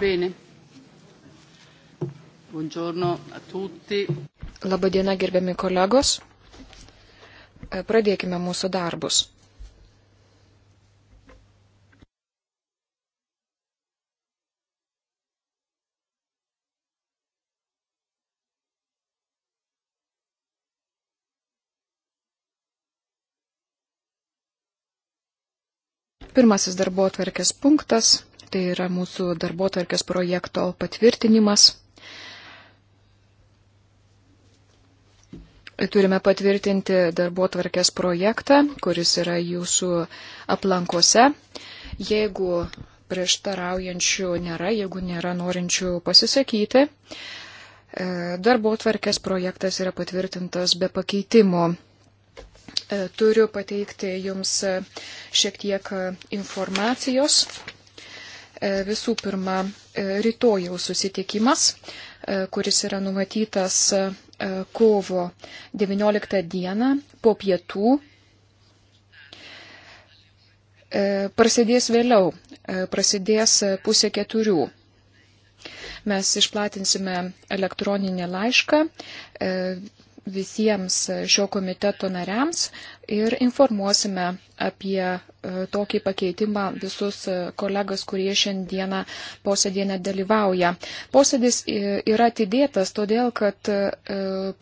Bene. Buongiorno a tutti. Labadiena, gerbiami kolegos. E, pradėkime mūsų darbus. Pirmasis darbo atverkės punktas tai yra mūsų darbo tvarkės projekto patvirtinimas. Turime patvirtinti darbo tvarkės projektą, kuris yra jūsų aplankuose. Jeigu prieštaraujančių nėra, jeigu nėra norinčių pasisakyti, e, darbo tvarkės projektas yra patvirtintas be pakeitimo. E, turiu pateikti jums e, šiek tiek informacijos. E, visų pirma, e, rytojaus susitikimas, e, kuris yra numatytas kovo 19 dieną po pietų. Prasidės vėliau, prasidės pusė keturių mes išplatinsime elektroninį laišką visiems šio komiteto nariams ir informuosime apie e, tokį pakeitimą visus e, kolegas, kurie šiandieną posėdienę dalyvauja. Posėdis e, yra atidėtas todėl, kad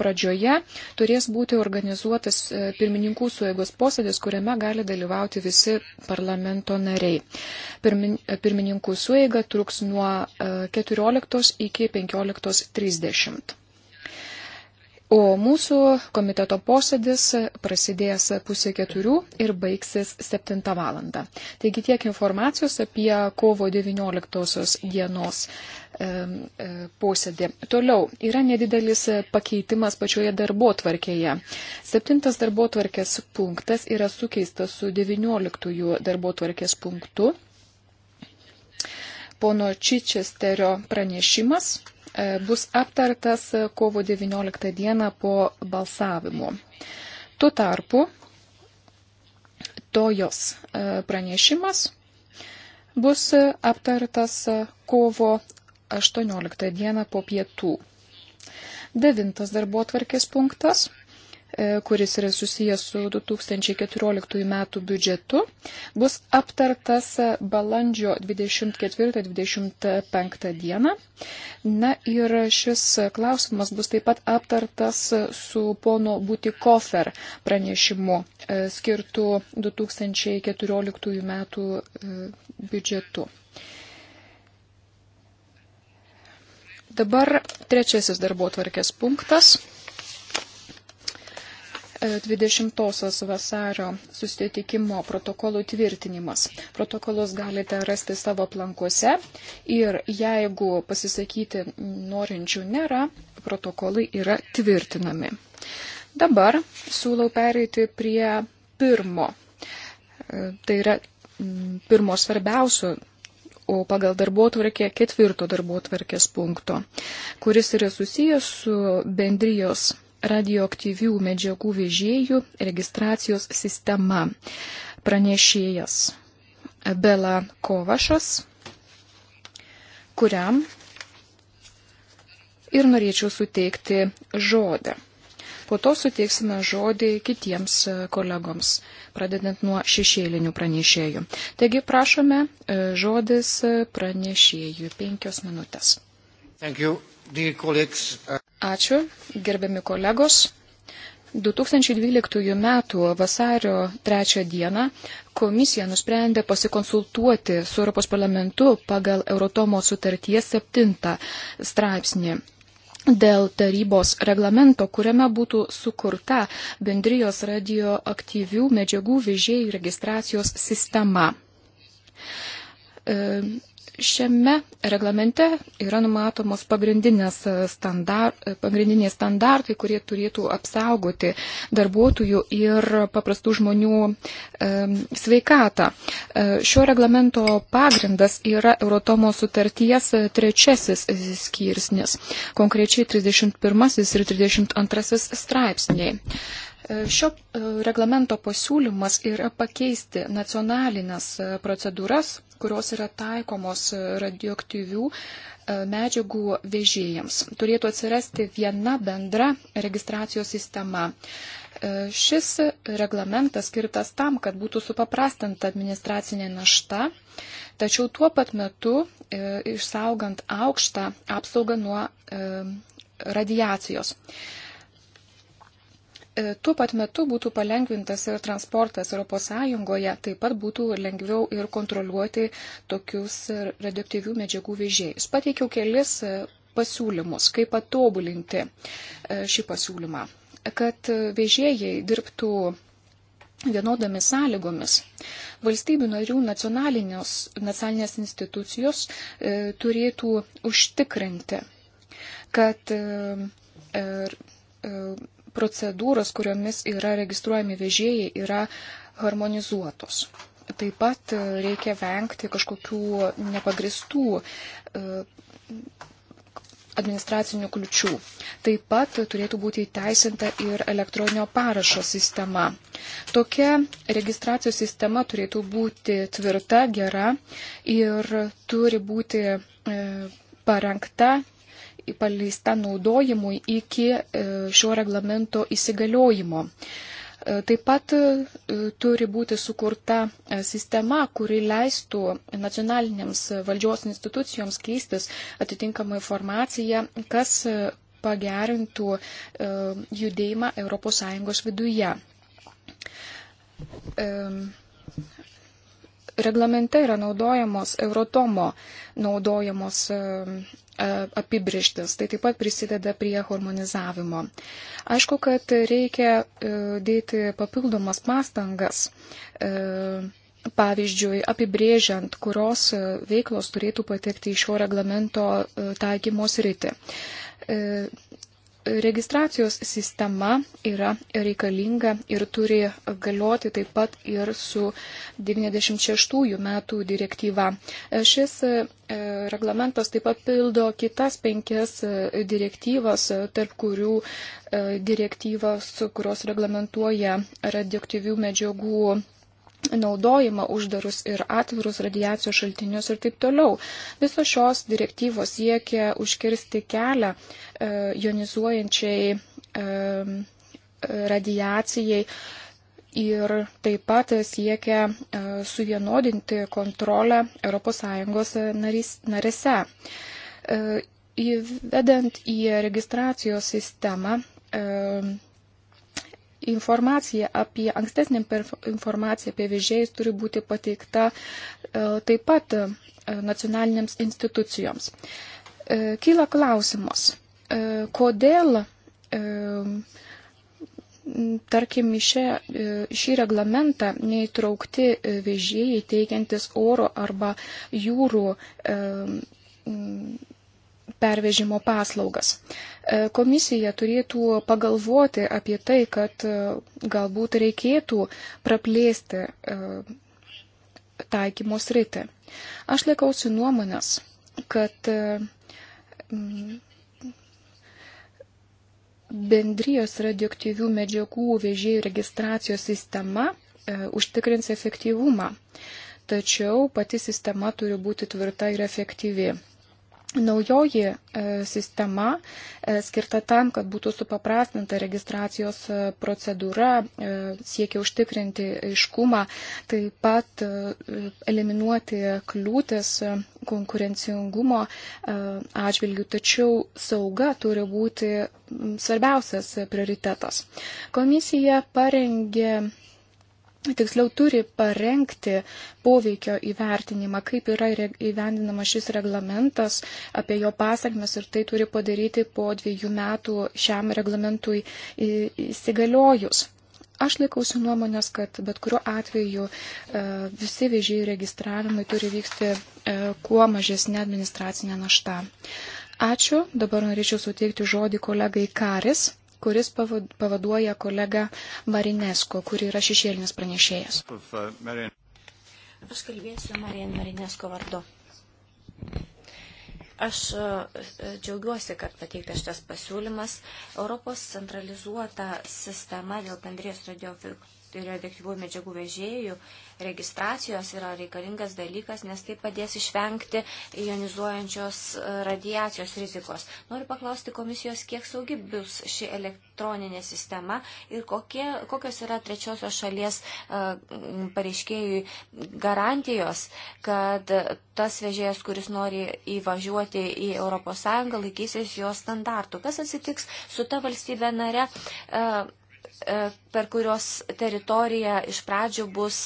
pradžioje turės būti organizuotas pirmininkų suėgos posėdis, kuriame gali dalyvauti visi parlamento nariai. Pirmin, pirmininkų suėga truks nuo 14 iki 15.30. O mūsų komiteto posėdis prasidės pusė keturių ir baigsis septintą valandą. Taigi tiek informacijos apie kovo 19 dienos e, posėdį. Toliau yra nedidelis pakeitimas pačioje darbo tvarkėje. Septintas darbo tvarkės punktas yra sukeistas su 19 darbo tvarkės punktu. Pono Čičesterio pranešimas E, bus aptartas e, kovo 19 dieną po balsavimo. Tuo tarpu tojos e, pranešimas bus aptartas kovo 18 dieną po pietų. Devintas darbo atvarkės punktas E, kuris yra susijęs su 2014 metų biudžetu, bus aptartas balandžio 24-25 dieną. Na ir šis klausimas bus taip pat aptartas su pono Butikofer pranešimu e, skirtu 2014 metų e, biudžetu. Dabar trečiasis darbo tvarkės punktas 20 vasario susitikimo protokolų tvirtinimas. Protokolus galite rasti savo plankuose ir jeigu pasisakyti norinčių nėra, protokolai yra tvirtinami. Dabar siūlau pereiti prie pirmo. Tai yra pirmo svarbiausio o pagal darbuotvarkę ketvirto darbuotvarkės punkto, kuris yra susijęs su bendrijos radioaktyvių medžiagų vežėjų registracijos sistema. Pranešėjas Bela Kovašas, kuriam ir norėčiau suteikti žodę. Po to suteiksime žodį kitiems kolegoms, pradedant nuo šešėlinių pranešėjų. Taigi prašome e, žodis pranešėjų penkios minutės. Thank you. Uh, Ačiū, gerbiami kolegos. 2012 m. vasario 3 d. komisija nusprendė pasikonsultuoti su Europos parlamentu pagal Eurotomo sutarties 7 straipsnį dėl tarybos reglamento, kuriame būtų sukurta bendrijos radioaktyvių medžiagų vežėjų registracijos sistema. E, Šiame reglamente yra numatomos standar, pagrindiniai standartai, kurie turėtų apsaugoti darbuotojų ir paprastų žmonių e, sveikatą. E, šio reglamento pagrindas yra Eurotomo sutarties trečiasis skirsnis, konkrečiai 31 ir 32 straipsniai. E, Šio e, reglamento pasiūlymas yra pakeisti nacionalinės e, procedūras, kurios yra taikomos e, radioaktyvių medžiagų vežėjams. Turėtų atsirasti viena bendra registracijos sistema. Šis reglamentas skirtas tam, kad būtų supaprastinta administracinė našta, tačiau tuo pat metu išsaugant aukštą apsaugą nuo radiacijos. E, tuo pat metu būtų palengvintas ir transportas ES, taip pat būtų lengviau ir kontroliuoti tokius radioaktyvių medžiagų vežėjus. Pateikiau kelis e, pasiūlymus, kaip patobulinti e, šį pasiūlymą, kad vežėjai dirbtų vienodomis sąlygomis. Valstybių narių nacionalinės institucijos e, turėtų užtikrinti, kad e, er, e, procedūros, kuriomis yra registruojami vežėjai, yra harmonizuotos. Taip pat e, reikia vengti kažkokių nepagristų e, administracinių kliučių. Taip pat turėtų būti įteisinta ir elektroninio parašo sistema. Tokia registracijos sistema turėtų būti tvirta, gera ir turi būti e, parengta paleista naudojimui iki e, šio reglamento įsigaliojimo. E, taip pat e, turi būti sukurta sistema, kuri leistų nacionalinėms valdžios institucijoms keistis atitinkamą informaciją, kas pagerintų judėjimą ES viduje. Reglamente yra naudojamos Eurotomo naudojamos apibrištis. Tai taip pat prisideda prie harmonizavimo. Aišku, kad reikia e, dėti papildomas pastangas. E, pavyzdžiui, apibrėžiant, kurios e, veiklos turėtų patekti į šio reglamento taikymos rytį registracijos sistema yra reikalinga ir turi galioti taip pat ir su 96 metų direktyva. Šis e, reglamentas taip pat pildo kitas penkias e, direktyvas, tarp kurių e, direktyvas, kurios reglamentuoja radioaktyvių medžiagų naudojimą uždarus ir atvirus radiacijos šaltinius ir taip toliau. Visos šios direktyvos siekia užkirsti kelią e, jonizuojančiai e, radiacijai ir taip pat siekia e, suvienodinti kontrolę ES narėse. E, įvedant į registracijos sistemą e, informacija apie ankstesnė informacija apie vežėjus turi būti pateikta e, taip pat e, nacionalinėms institucijoms. E, kyla klausimas, kodėl, tarkim, šį, šį reglamentą neįtraukti vežėjai teikiantis oro arba jūrų pervežimo paslaugas. E, komisija turėtų pagalvoti apie tai, kad e, galbūt reikėtų praplėsti e, taikymo sritį. Aš laikausi nuomonės, kad bendrijos radioaktyvių medžiagų vežėjų registracijos sistema e, užtikrins efektyvumą. Tačiau pati sistema turi būti tvirta ir efektyvi. Naujoji e, sistema e, skirta tam, kad būtų supaprastinta registracijos e, procedūra, siekia užtikrinti aiškumą, taip pat eliminuoti kliūtis konkurencingumo atžvilgių, tačiau sauga turi būti svarbiausias prioritetas. Komisija parengė tiksliau turi parengti poveikio įvertinimą, kaip yra įvendinama šis reglamentas, apie jo pasakmes ir tai turi padaryti po dviejų metų šiam reglamentui įsigaliojus. Aš laikausi nuomonės, kad bet kuriuo atveju e, visi vežėjų registravimai turi vykti e, kuo mažesnė administracinė našta. Ačiū. Dabar norėčiau suteikti žodį kolegai Karis kuris pavaduoja kolegą Marinesko, kuri yra šešėlinis pranešėjas. Aš kalbėsiu Marijan Marinesko vardu. Aš e, e, džiaugiuosi, kad pateiktas šitas pasiūlymas. Europos centralizuota sistema dėl bendrės radiofilmų Tai radioaktyvų medžiagų vežėjų registracijos yra reikalingas dalykas, nes tai padės išvengti ionizuojančios e, radiacijos rizikos. Noriu paklausti komisijos, kiek saugi bus ši elektroninė sistema ir kokie, kokios yra trečiosios šalies e, pareiškėjų garantijos, kad tas vežėjas, kuris nori įvažiuoti į ES, laikysis jo standartų. Kas atsitiks su ta valstybė nare? E, E, per kurios teritoriją iš pradžių bus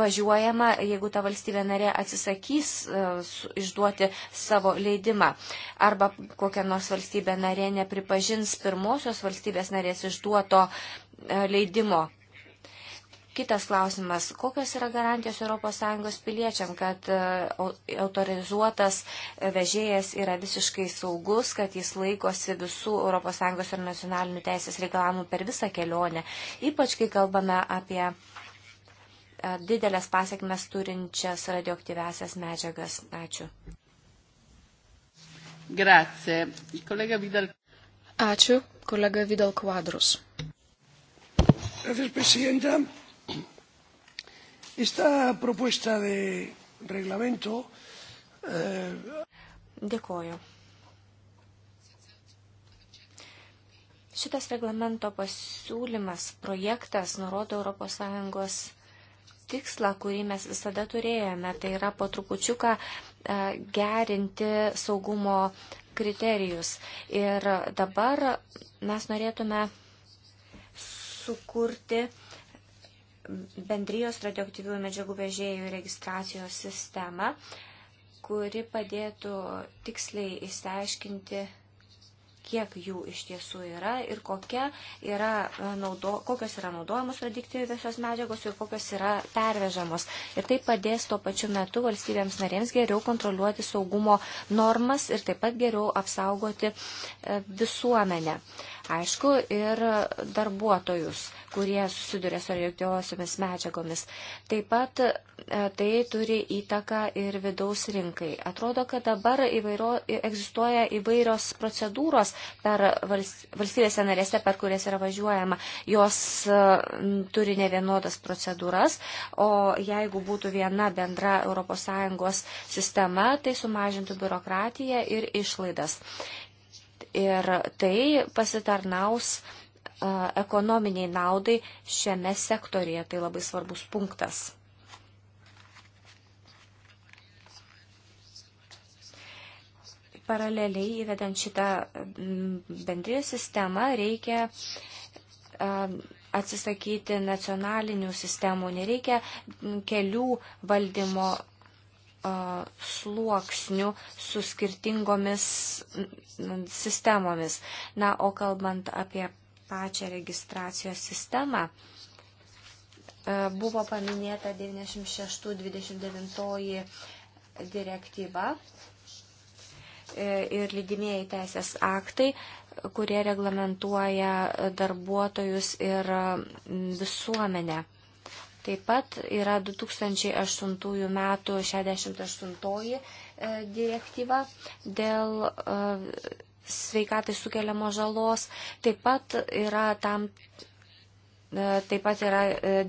važiuojama, jeigu ta valstybė narė atsisakys e, išduoti savo leidimą. Arba kokia nors valstybė narė nepripažins pirmosios valstybės narės išduoto e, leidimo. Kitas klausimas, kokios yra garantijos ES piliečiam, kad e, autorizuotas e, vežėjas yra visiškai saugus, kad jis laikosi visų ES ir nacionalinių teisės reikalavimų per visą kelionę, ypač kai kalbame apie e, didelės pasiekmes turinčias radioaktyvesias medžiagas. Ačiū. Grazie. Kolega Vidal. Ačiū, kolega Vidal Quadrus. Gracias, presidenta. Esta propuesta de reglamento. Eh... Dėkoju. Šitas reglamento pasiūlymas, projektas nurodo ES tikslą, kurį mes visada turėjome, tai yra po trupučiuką e, gerinti saugumo kriterijus. Ir dabar mes norėtume sukurti uh, bendrijos radioaktyvių medžiagų vežėjų registracijos sistemą, kuri padėtų tiksliai įsiaiškinti, kiek jų iš tiesų yra ir kokia yra e, naudo, kokios yra naudojamos radioaktyviosios medžiagos ir kokios yra pervežamos. Ir tai padės tuo pačiu metu valstybėms narėms geriau kontroliuoti saugumo normas ir taip pat geriau apsaugoti e, visuomenę. E, aišku, ir darbuotojus, kurie susiduria su radioaktyviosiomis medžiagomis. Taip pat e, tai turi įtaką ir vidaus rinkai. Atrodo, kad dabar įvairo, egzistuoja įvairios procedūros per valstybėse narėse, per kurias yra važiuojama. Jos e, turi ne vienodas procedūras, o jeigu būtų viena bendra ES sistema, tai sumažintų biurokratiją ir išlaidas ir tai pasitarnaus ekonominiai naudai šiame sektorėje. Tai labai svarbus punktas. Paraleliai įvedant šitą bendrijų sistemą reikia atsisakyti nacionalinių sistemų, nereikia kelių valdymo sluoksnių su skirtingomis sistemomis. Na, o kalbant apie pačią registracijos sistemą, buvo paminėta 96-29 direktyva e, ir lydimieji teisės aktai, kurie reglamentuoja darbuotojus ir visuomenę. Taip pat yra 2008 metų 68 e, direktyva dėl e, sveikatai sukeliamo žalos. Taip pat yra tam. E, taip pat yra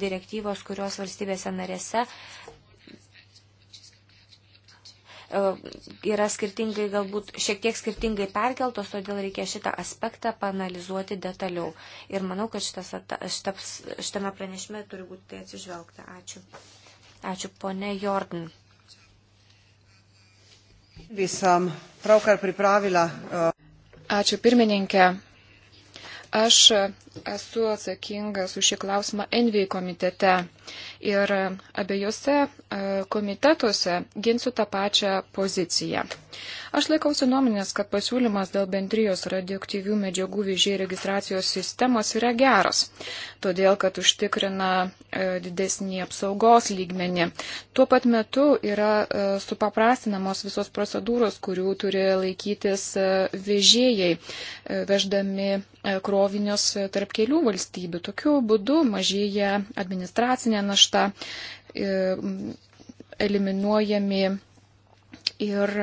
direktyvos, kurios valstybėse narėse E, yra skirtingai, galbūt šiek tiek skirtingai perkeltos, todėl reikia šitą aspektą panalizuoti detaliau. Ir manau, kad šitas, šitas, šitame pranešime turi būti tai atsižvelgta. Ačiū. Ačiū, ponė Jordan. Visam pravkar pripravila. E, Ačiū pirmininkė. Aš esu atsakingas už šį klausimą Envy komitete ir abiejose e, komitetuose ginsiu tą pačią poziciją. Aš laikausi nuomonės, kad pasiūlymas dėl bendrijos radioaktyvių medžiagų vežėjų registracijos sistemos yra geras, todėl kad užtikrina e, didesnį apsaugos lygmenį. Tuo pat metu yra e, supaprastinamos visos procedūros, kurių turi laikytis e, vežėjai, veždami krovinius tarp kelių valstybių. Tokiu būdu mažėja administracinė našta eliminuojami ir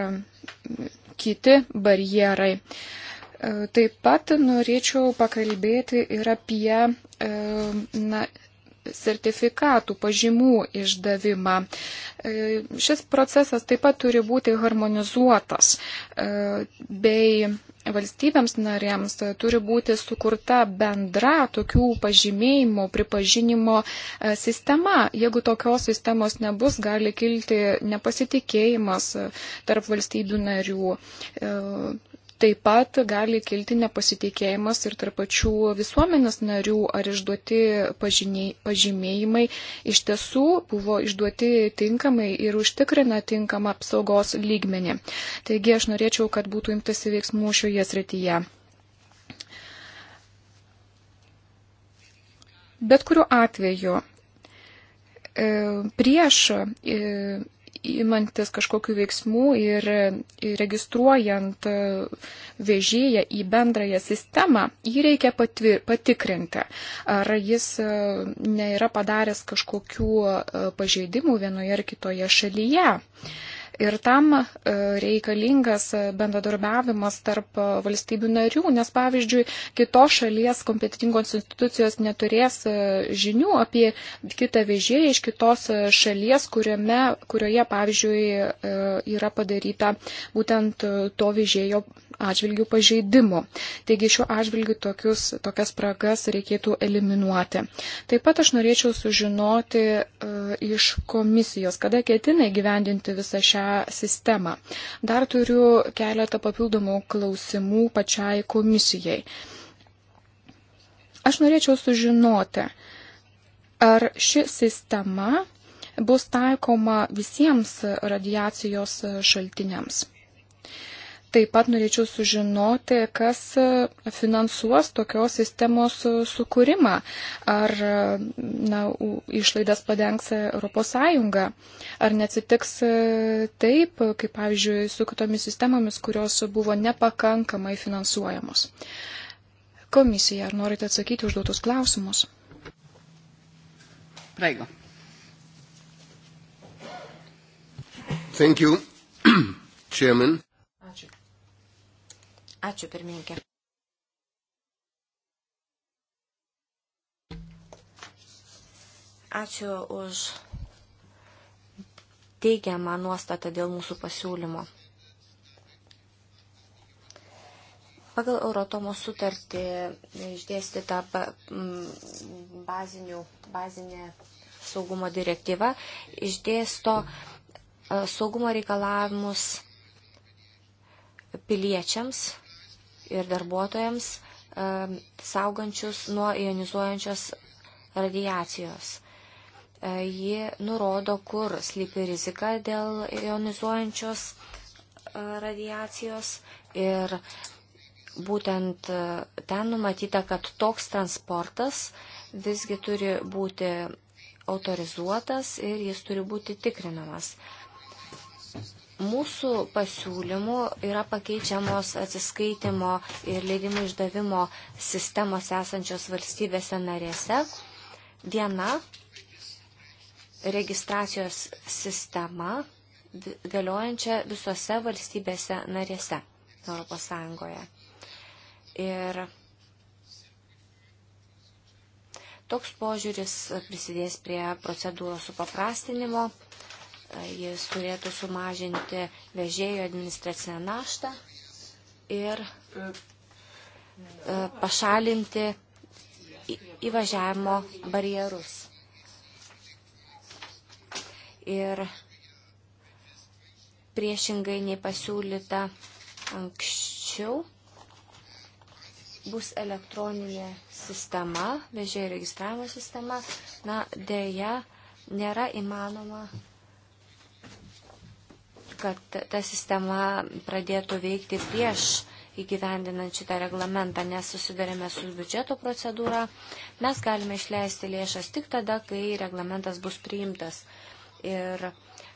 kiti barjerai. E, taip pat norėčiau pakalbėti ir apie e, na, sertifikatų pažymų išdavimą. E, šis procesas taip pat turi būti harmonizuotas bei valstybėms narėms turi būti sukurta bendra tokių pažymėjimų pripažinimo e, sistema. Jeigu tokios sistemos nebus, gali kilti nepasitikėjimas e, tarp valstybių narių. E, Taip pat gali kilti nepasitikėjimas ir tarp pačių visuomenės narių, ar išduoti pažymėjimai iš tiesų buvo išduoti tinkamai ir užtikrina tinkamą apsaugos lygmenį. Taigi aš norėčiau, kad būtų imtasi veiksmų šioje srityje. Bet kuriuo atveju e, prieš e, imantis kažkokių veiksmų ir registruojant vežėją į bendrąją sistemą, jį reikia patvir, patikrinti, ar jis e, nėra padaręs kažkokių e, pažeidimų vienoje ar kitoje šalyje. Ir tam e, reikalingas e, bendradarbiavimas tarp e, valstybių narių, nes pavyzdžiui, kitos šalies kompetitingos institucijos neturės žinių apie kitą vežėją iš kitos šalies, kuriame, kurioje, pavyzdžiui, yra padaryta būtent to vežėjo atžvilgių pažeidimų. Taigi šiuo atžvilgiu tokius, tokias spragas reikėtų eliminuoti. Taip pat aš norėčiau sužinoti e, iš komisijos, kada ketina įgyvendinti visą šią sistemą. Dar turiu keletą papildomų klausimų pačiai komisijai. Aš norėčiau sužinoti, ar ši sistema bus taikoma visiems radiacijos šaltiniams. Taip pat norėčiau sužinoti, kas e, finansuos tokios sistemos e, sukūrimą. Ar e, na, išlaidas padengs ES? Ar neatsitiks taip, kaip pavyzdžiui, su kitomis sistemomis, kurios buvo nepakankamai finansuojamos? Komisija, ar norite atsakyti užduotus klausimus? Prego. Thank you, Chairman. Ačiū, pirmininkė. Ačiū už teigiamą nuostatą dėl mūsų pasiūlymo. Pagal Eurotomo sutartį išdėstyta bazinių, bazinė saugumo direktyva išdėsto e, saugumo reikalavimus piliečiams ir darbuotojams saugančius nuo ionizuojančios radiacijos. E, ji nurodo, kur slypi rizika dėl ionizuojančios e, radiacijos ir būtent e, ten numatyta, kad toks transportas visgi turi būti autorizuotas ir jis turi būti tikrinamas. Mūsų pasiūlymų yra pakeičiamos atsiskaitimo ir leidimų išdavimo sistemos esančios valstybėse narėse. Viena registracijos sistema galiojančia visose valstybėse narėse ES. Ir toks požiūris prisidės prie procedūros supaprastinimo Jis turėtų sumažinti vežėjo administracinę naštą ir e, pašalinti įvažiavimo barjerus. Ir priešingai nei pasiūlyta anksčiau, bus elektroninė sistema, vežėjų registravimo sistema, na, dėja nėra įmanoma kad ta sistema pradėtų veikti prieš įgyvendinant šitą reglamentą, nes susidarėme su biudžeto procedūra, mes galime išleisti lėšas tik tada, kai reglamentas bus priimtas. Ir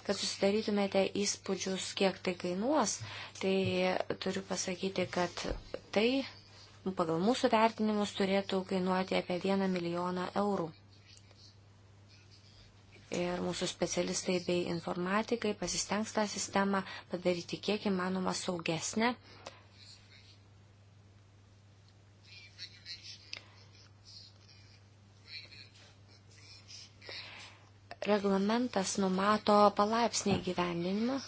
kad susidarytumėte įspūdžius, kiek tai kainuos, tai turiu pasakyti, kad tai pagal mūsų vertinimus turėtų kainuoti apie 1 milijoną eurų ir mūsų specialistai bei informatikai pasistengs tą sistemą padaryti kiek įmanoma saugesnę. Reglamentas numato palaipsnį gyvendinimą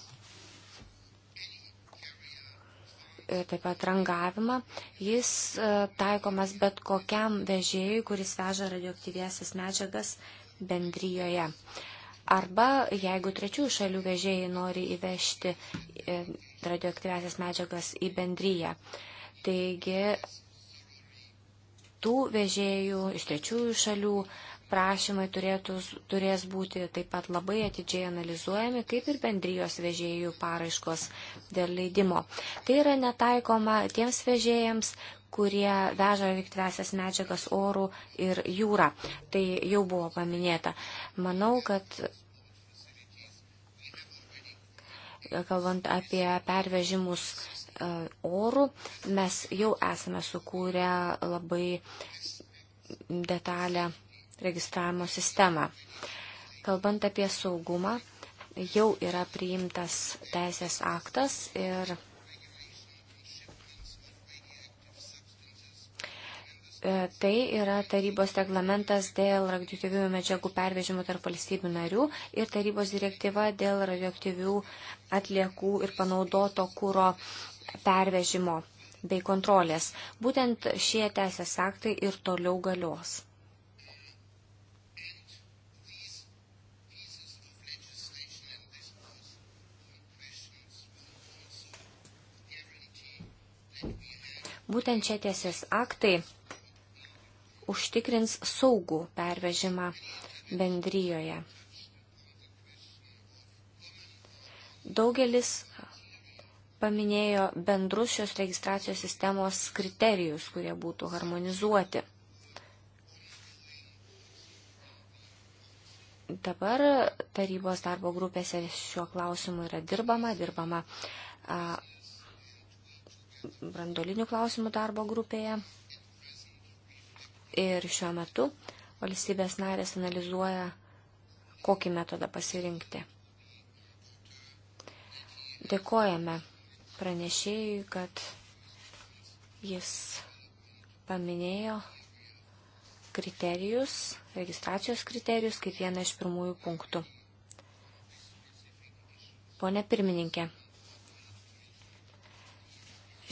taip pat rangavimą. Jis e, taikomas bet kokiam vežėjui, kuris veža radioaktyvėsis medžiagas bendryjoje. Arba jeigu trečių šalių vežėjai nori įvežti e, radioaktyvesias medžiagas į bendryją. Taigi tų vežėjų iš trečiųjų šalių prašymai turėtų, turės būti taip pat labai atidžiai analizuojami, kaip ir bendrijos vežėjų paraiškos dėl leidimo. Tai yra netaikoma tiems vežėjams, kurie veža viktvesias medžiagas orų ir jūrą. Tai jau buvo paminėta. Manau, kad kalbant apie pervežimus e, orų, mes jau esame sukūrę labai detalę registravimo sistemą. Kalbant apie saugumą, jau yra priimtas teisės aktas ir E, tai yra tarybos reglamentas dėl radioaktyvių medžiagų pervežimų tarp valstybių narių ir tarybos direktyva dėl radioaktyvių atliekų ir panaudoto kūro pervežimo bei kontrolės. Būtent šie teisės aktai ir toliau galios. Būtent čia teisės aktai užtikrins saugų pervežimą bendryjoje. Daugelis paminėjo bendrus šios registracijos sistemos kriterijus, kurie būtų harmonizuoti. Dabar tarybos darbo grupėse šiuo klausimu yra dirbama, dirbama a, brandolinių klausimų darbo grupėje. Ir šiuo metu valstybės narės analizuoja, kokį metodą pasirinkti. Dėkojame pranešėjui, kad jis paminėjo kriterijus, registracijos kriterijus kaip vieną iš pirmųjų punktų. Pone pirmininkė,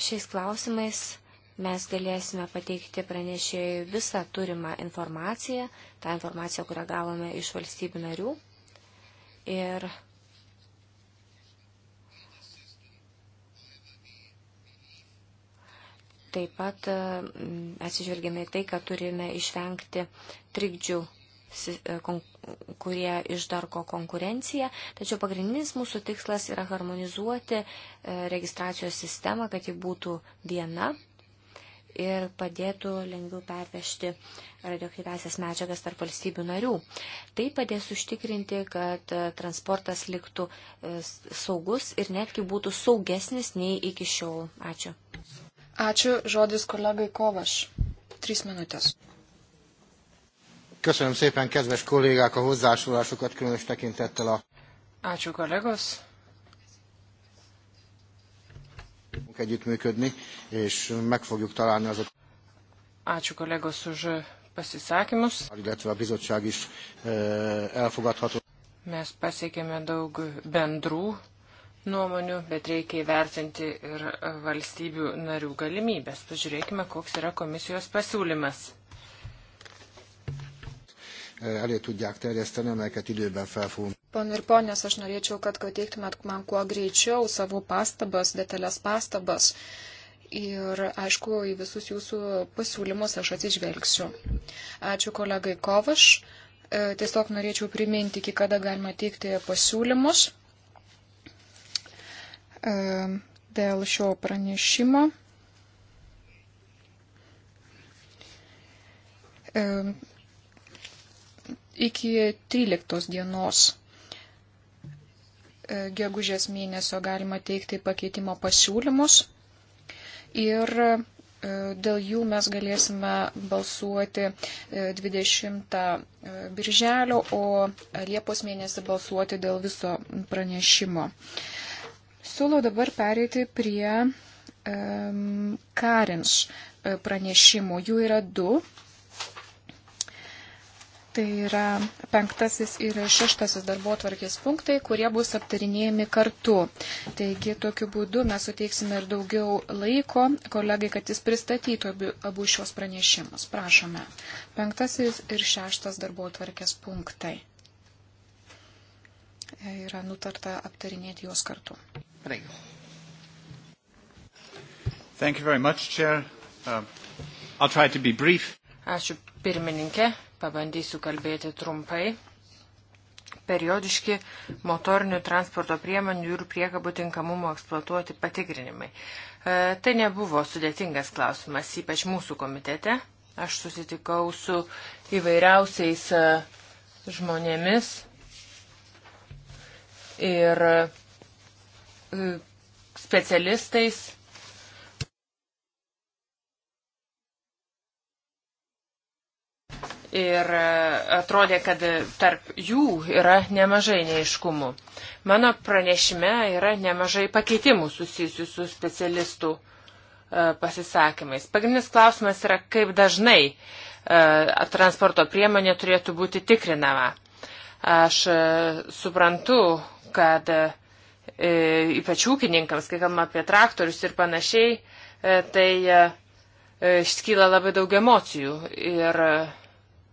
šiais klausimais mes galėsime pateikti pranešėjui visą turimą informaciją, tą informaciją, kurią gavome iš valstybių narių. Ir taip pat mm, atsižvelgėme į tai, kad turime išvengti trikdžių e, kurie išdarko konkurenciją, tačiau pagrindinis mūsų tikslas yra harmonizuoti e, registracijos sistemą, kad ji būtų viena ir padėtų lengviau pervežti radioaktyvesias medžiagas tarp valstybių narių. Tai padės užtikrinti, kad e, transportas liktų e, saugus ir netgi būtų saugesnis nei iki šiol. Ačiū. Ačiū. Žodis kolegai Kovaš. Trys minutės. Köszönöm szépen, kedves kollégák, a hozzásulásokat különös tekintettel a... Ačiū, kolegos. fogunk együttműködni, és meg fogjuk találni azokat. Ačiū kolegos už pasisakymus. E, Mes pasiekėme daug bendrų nuomonių, bet reikia įvertinti ir valstybių narių galimybės. Pažiūrėkime, koks yra komisijos pasiūlymas. Eh, elő tudják terjeszteni, amelyeket időben felfogunk. Pone ir ponės, aš norėčiau, kad teiktumėt man kuo greičiau savo pastabas, detalės pastabas. Ir aišku, į visus jūsų pasiūlymus aš atsižvelgsiu. Ačiū kolegai Kovaš. E, tiesiog norėčiau priminti, iki kada galima teikti pasiūlymus e, dėl šio pranešimo. E, iki 13 dienos e, gegužės mėnesio galima teikti pakeitimo pasiūlymus ir e, dėl jų mes galėsime balsuoti 20 e, birželio, o Liepos mėnesį balsuoti dėl viso pranešimo. Siūlau dabar pereiti prie um, Karins pranešimų. Jų yra du. Tai yra penktasis ir šeštasis darbo tvarkės punktai, kurie bus aptarinėjami kartu. Taigi tokiu būdu mes suteiksime ir daugiau laiko kolegai, kad jis pristatytų abu, abu šios pranešimus. Prašome. Penktasis ir šeštas darbo tvarkės punktai. E, yra nutarta aptarinėti juos kartu. Praigo. Thank you very much, Chair. Uh, I'll try to be brief. Ačiū pirmininkė Pabandysiu kalbėti trumpai. Periodiški motorinių transporto priemonių ir priekabų tinkamumo eksploatuoti patikrinimai. E, tai nebuvo sudėtingas klausimas, ypač mūsų komitete. Aš susitikau su įvairiausiais e, žmonėmis ir e, specialistais ir e, atrodė, kad tarp jų yra nemažai neiškumų. Mano pranešime yra nemažai pakeitimų susijusių su specialistų e, pasisakymais. Pagrindinis klausimas yra, kaip dažnai e, transporto priemonė turėtų būti tikrinama. Aš suprantu, kad ypač ūkininkams, kai kalbame apie traktorius ir panašiai, tai išskyla labai daug emocijų ir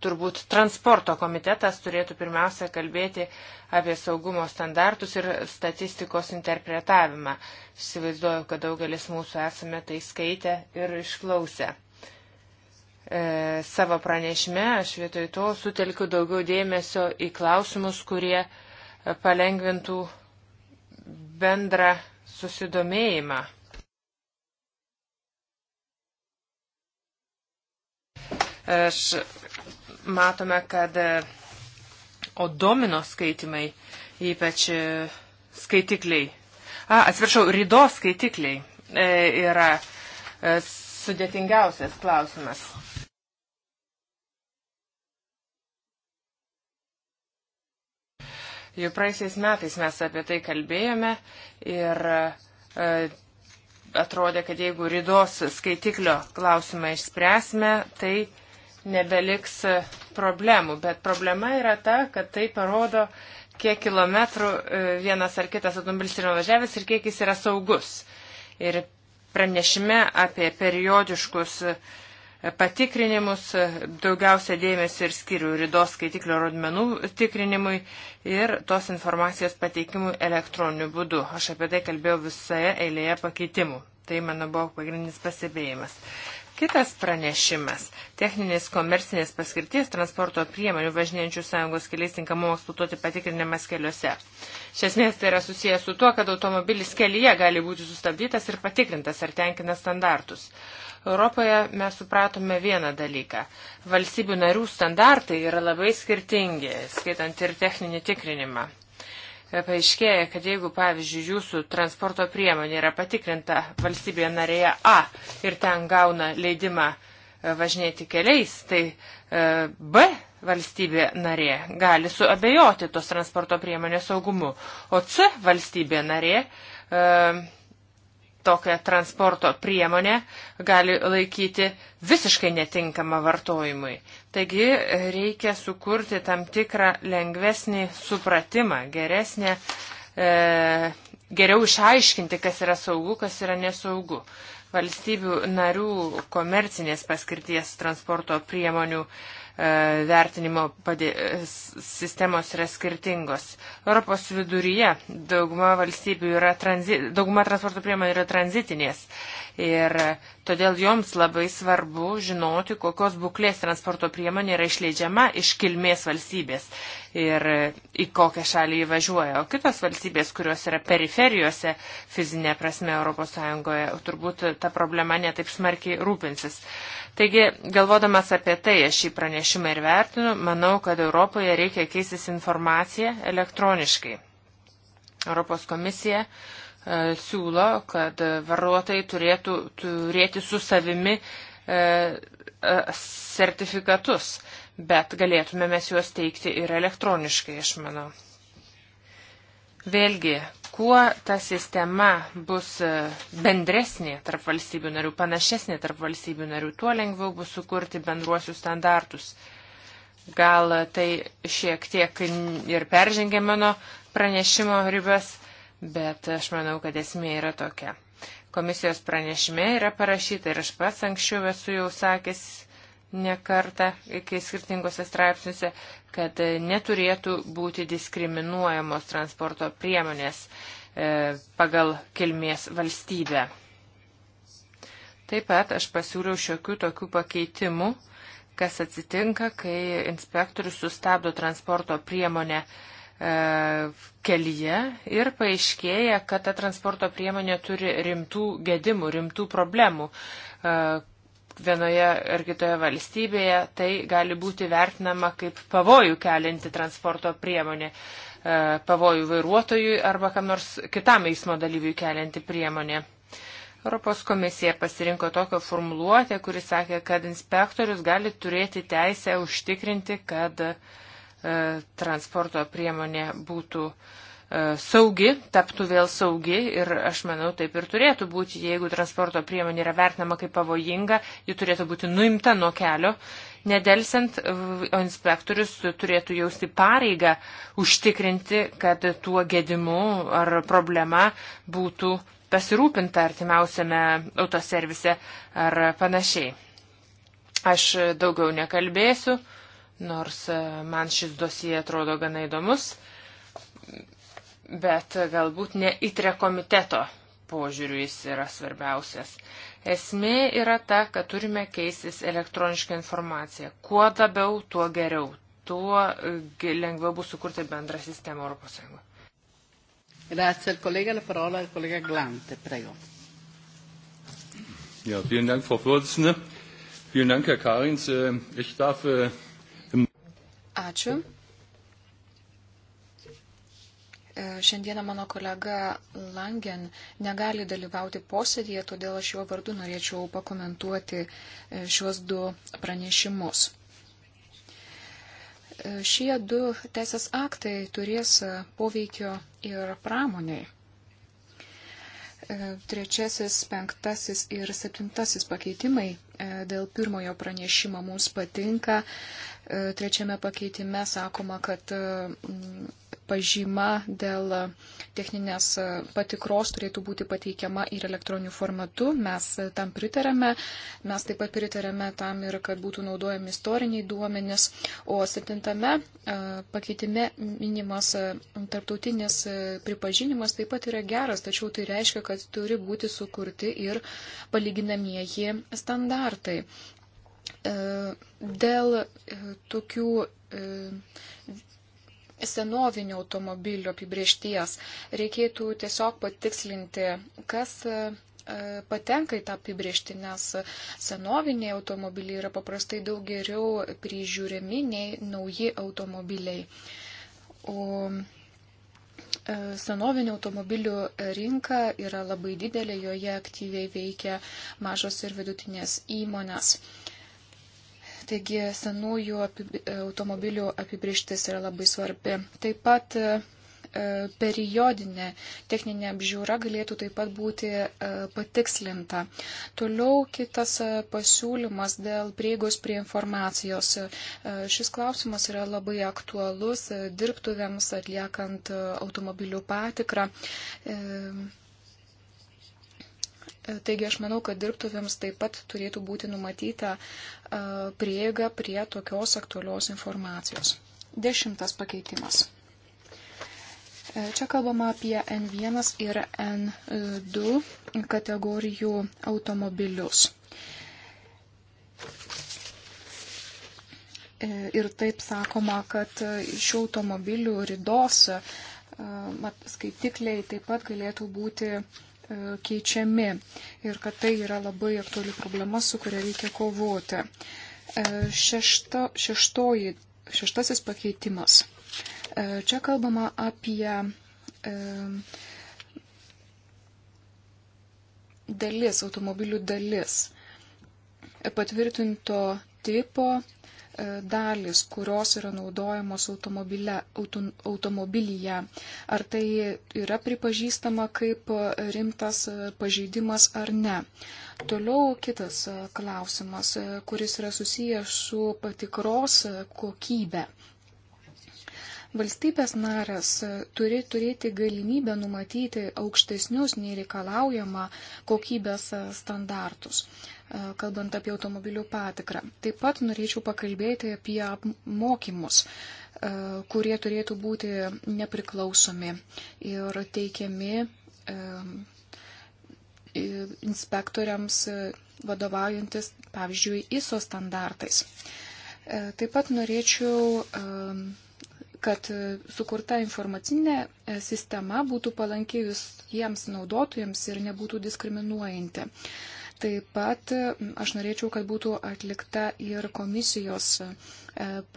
turbūt transporto komitetas turėtų pirmiausia kalbėti apie saugumo standartus ir statistikos interpretavimą. Įsivaizduoju, kad daugelis mūsų esame tai skaitę ir išklausę. E, savo pranešime aš vietoj to sutelkiu daugiau dėmesio į klausimus, kurie palengvintų bendrą susidomėjimą. Aš matome, kad e, odomino skaitimai, ypač e, skaitikliai, a, atsiprašau, rydos skaitikliai e, yra e, sudėtingiausias klausimas. Jau praeisiais metais mes apie tai kalbėjome ir e, atrodė, kad jeigu rydos skaitiklio klausimą išspręsime, tai nebeliks e, problemų. Bet problema yra ta, kad tai parodo, kiek kilometrų e, vienas ar kitas automobilis yra nuvažiavęs ir kiek jis yra saugus. Ir pranešime apie periodiškus e, patikrinimus daugiausia dėmesio ir skiriu rydos skaitiklio rodmenų tikrinimui ir tos informacijos pateikimui elektroniniu būdu. Aš apie tai kalbėjau visoje eilėje pakeitimų. Tai mano buvo pagrindinis pasibėjimas. Kitas pranešimas - techninės komercinės paskirties transporto priemonių važinėjančių sąjungos keliais tinkamumo eksploatuoti patikrinimas keliuose. Iš esmės tai yra susijęs su tuo, kad automobilis kelyje gali būti sustabdytas ir patikrintas ar tenkina standartus. Europoje mes supratome vieną dalyką. Valstybių narių standartai yra labai skirtingi, skaitant ir techninį tikrinimą. E, paaiškėja, kad jeigu, pavyzdžiui, jūsų transporto priemonė yra patikrinta valstybėje narėje A ir ten gauna leidimą e, važinėti keliais, tai e, B valstybė narė gali suabejoti tos transporto priemonės saugumu, o C valstybė narė tokią transporto priemonę gali laikyti visiškai netinkama vartojimui. Taigi reikia sukurti tam tikrą lengvesnį supratimą, geresnę, e, geriau išaiškinti, kas yra saugu, kas yra nesaugu. Valstybių narių komercinės paskirties transporto priemonių e, E, vertinimo padė... sistemos yra skirtingos. Europos viduryje dauguma valstybių yra tranzi... dauguma transporto priemonių yra tranzitinės Ir todėl joms labai svarbu žinoti, kokios būklės transporto priemonė yra išleidžiama iš kilmės valstybės ir į kokią šalį įvažiuoja. O kitos valstybės, kurios yra periferijose fizinė prasme ES, turbūt ta problema netaip smarkiai rūpinsis. Taigi, galvodamas apie tai, aš šį pranešimą ir vertinu, manau, kad Europoje reikia keistis informaciją elektroniškai. Europos komisija uh, E, siūlo, kad vairuotojai turėtų turėti su savimi e, e, sertifikatus, bet galėtume mes juos teikti ir elektroniškai, aš manau. Vėlgi, kuo ta sistema bus bendresnė tarp valstybių narių, panašesnė tarp valstybių narių, tuo lengviau bus sukurti bendruosius standartus. Gal tai šiek tiek ir peržengia mano pranešimo ribas, bet aš manau, kad esmė yra tokia. Komisijos pranešime yra parašyta ir aš pats anksčiau esu jau sakęs nekartą, kai skirtingose straipsniuose, kad neturėtų būti diskriminuojamos transporto priemonės e, pagal kilmės valstybę. Taip pat aš pasiūliau šiokių tokių pakeitimų, kas atsitinka, kai inspektorius sustabdo transporto priemonę e, E, kelyje ir paaiškėja, kad ta transporto priemonė turi rimtų gedimų, rimtų problemų. E, vienoje ar kitoje valstybėje tai gali būti vertinama kaip pavojų kelinti transporto priemonė, e, pavojų vairuotojui arba kam nors kitam eismo dalyviui kelinti priemonė. Europos komisija pasirinko tokią formuluotę, kuri sakė, kad inspektorius gali turėti teisę užtikrinti, kad uh, E, transporto priemonė būtų e, saugi, taptų vėl saugi ir aš manau taip ir turėtų būti, jeigu transporto priemonė yra vertinama kaip pavojinga, ji turėtų būti nuimta nuo kelio. Nedelsiant, e, inspektorius turėtų jausti pareigą užtikrinti, kad tuo gedimu ar problema būtų pasirūpinta artimiausiame autoservise ar panašiai. Aš daugiau nekalbėsiu nors e, man šis dosija atrodo gana įdomus, bet galbūt ne įtre komiteto požiūriu jis yra svarbiausias. Esmė yra ta, kad turime keistis elektronišką informaciją. Kuo labiau, tuo geriau. Tuo e, lengviau bus sukurti bendrą sistemą Europos Sąjungoje. Grazie al collega, la parola al collega Glante, prego. Ja, vielen Dank, Frau Vorsitzende. Vielen Dank, Herr Karins. Äh, ich darf äh, Ačiū. E, šiandieną mano kolega Langen negali dalyvauti posėdėje, todėl aš jo vardu norėčiau pakomentuoti e, šiuos du pranešimus. E, šie du teisės aktai turės poveikio ir pramoniai. Trečiasis, penktasis ir septintasis pakeitimai E, dėl pirmojo pranešimo mums patinka. E, trečiame pakeitime sakoma, kad e, pažyma dėl techninės patikros turėtų būti pateikiama ir elektroniniu formatu. Mes tam pritarėme. Mes taip pat pritarėme tam ir, kad būtų naudojami istoriniai duomenys. O septintame pakeitime minimas tarptautinis pripažinimas taip pat yra geras, tačiau tai reiškia, kad turi būti sukurti ir palyginamieji standartai standartai. E, dėl e, tokių e, senovinio automobilio apibriešties reikėtų tiesiog patikslinti, kas patenka į tą apibriešti, nes senoviniai automobiliai yra paprastai daug geriau prižiūrimi nei nauji automobiliai. O Senovinio automobilių rinka yra labai didelė, joje aktyviai veikia mažos ir vidutinės įmonės. Taigi senųjų apibi, automobilių apibrištis yra labai svarbi. Taip pat E, periodinė techninė apžiūra galėtų taip pat būti e, patikslinta. Toliau kitas e, pasiūlymas dėl prieigos prie informacijos. Šis klausimas yra labai aktualus dirbtuvėms atliekant automobilių patikrą. Taigi aš manau, kad dirbtuvėms taip pat turėtų būti numatyta prieiga prie tokios aktualios informacijos. Dešimtas pakeitimas. E, čia kalbama apie N1 ir N2 kategorijų automobilius. E, ir taip sakoma, kad šių automobilių ridos e, skaitikliai taip pat galėtų būti keičiami ir kad tai yra labai aktuali problema, su kuria reikia kovoti. Šešta, šeštoji, šeštasis pakeitimas E, čia kalbama apie e, dalis, automobilių dalis, patvirtinto tipo e, dalis, kurios yra naudojamos auto, automobilyje. Ar tai yra pripažįstama kaip rimtas pažeidimas ar ne. Toliau kitas klausimas, kuris yra susijęs su patikros kokybė Valstybės narės turi turėti galimybę numatyti aukštesnius nei reikalaujama kokybės standartus, e, kalbant apie automobilių patikrą. Taip pat norėčiau pakalbėti apie mokymus, e, kurie turėtų būti nepriklausomi ir teikiami e, inspektoriams vadovaujantis, pavyzdžiui, ISO standartais. Taip pat norėčiau kad e, sukurta informacinė e, sistema būtų palanki visiems naudotojams ir nebūtų diskriminuojanti. Taip pat e, aš norėčiau, kad būtų atlikta ir komisijos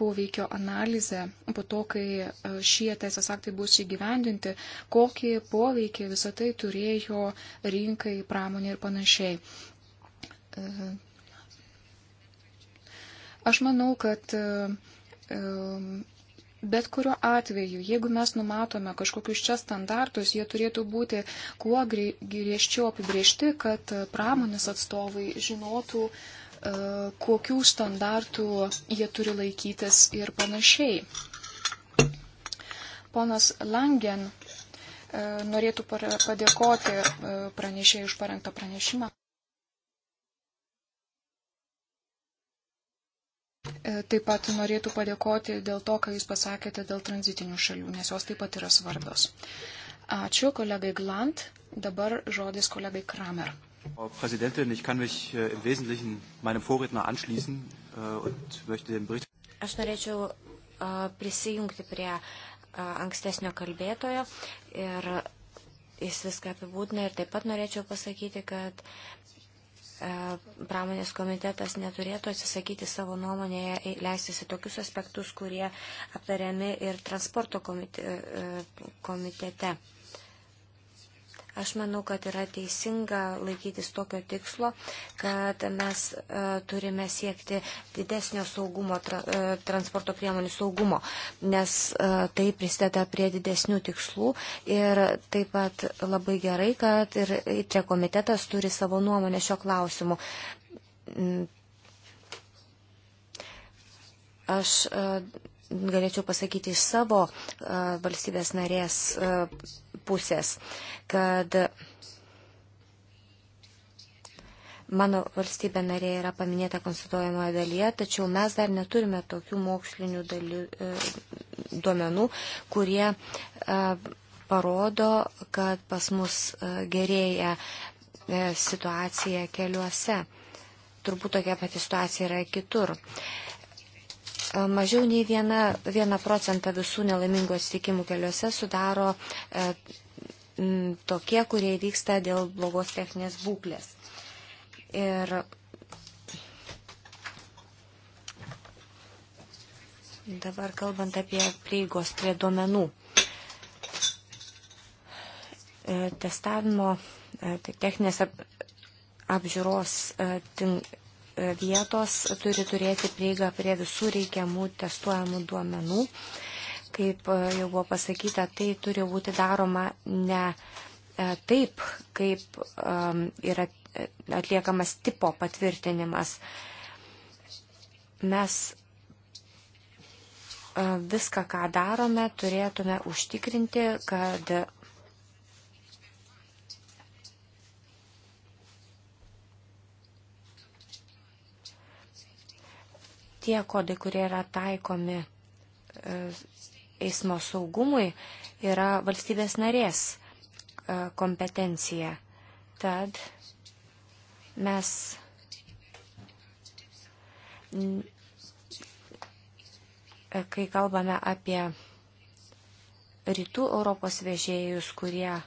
poveikio analizė po to, kai šie teisės aktai bus įgyvendinti, kokį poveikį visą tai turėjo rinkai, pramonė ir panašiai. Aš manau, kad Bet kuriuo atveju, jeigu mes numatome kažkokius čia standartus, jie turėtų būti kuo griežčiau apibriežti, kad e, pramonės atstovai žinotų, e, kokių standartų jie turi laikytis ir panašiai. Ponas Langen e, norėtų padėkoti pranešėjai už parengtą pranešimą. taip pat norėtų padėkoti dėl to, ką Jūs pasakėte dėl tranzitinių šalių, nes jos taip pat yra svarbios. Ačiū kolegai Glant, dabar žodis kolegai Kramer. Frau Präsidentin, ich kann mich äh, im Wesentlichen meinem Vorredner anschließen äh, und möchte den Bericht. Aš norėčiau äh, prisijungti prie ankstesnio kalbėtojo ir jis viską apibūdina ir taip pat norėčiau pasakyti, kad E, pramonės komitetas neturėtų atsisakyti savo nuomonėje leistis į tokius aspektus, kurie aptariami ir transporto komite, e, komitete. Aš manau, kad yra teisinga laikytis tokio tikslo, kad mes e, turime siekti didesnio saugumo, tra, e, transporto priemonių saugumo, nes e, tai prisideda prie didesnių tikslų ir taip pat labai gerai, kad ir čia komitetas turi savo nuomonę šio klausimu mm. aš galėčiau pasakyti iš savo valstybės narės pusės, kad mano valstybė narė yra paminėta konsultuojamoje dalyje, tačiau mes dar neturime tokių mokslinių dalių, e, duomenų, kurie e, parodo, kad pas mus e, gerėja situacija keliuose. Turbūt tokia pati situacija yra kitur. Mažiau nei viena, viena procenta visų nelaimingų atsitikimų keliuose sudaro e, m, tokie, kurie vyksta dėl blogos techninės būklės. Ir dabar kalbant apie prieigos prie duomenų. E, testavimo, e, techninės ap, apžiūros e, tink, vietos turi turėti prieigą prie visų reikiamų testuojamų duomenų. Kaip e, jau buvo pasakyta, tai turi būti daroma ne e, taip, kaip yra e, atliekamas tipo patvirtinimas. Mes viską, ką darome, turėtume užtikrinti, kad tie kodai, kurie yra taikomi e, eismo saugumui, yra valstybės narės e, kompetencija. Tad mes e, kai kalbame apie rytų Europos vežėjus, kurie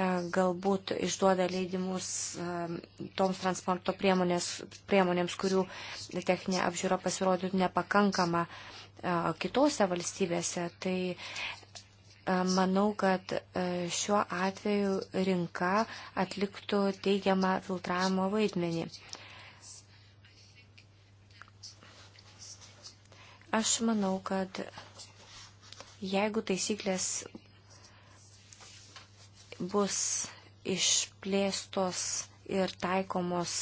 E, galbūt išduoda leidimus e, toms transporto priemonėms, kurių techninė apžiūra pasirodytų nepakankama e, kitose valstybėse. Tai manau, kad šiuo atveju rinka atliktų teigiamą filtravimo vaidmenį. Aš manau, kad jeigu taisyklės bus išplėstos ir taikomos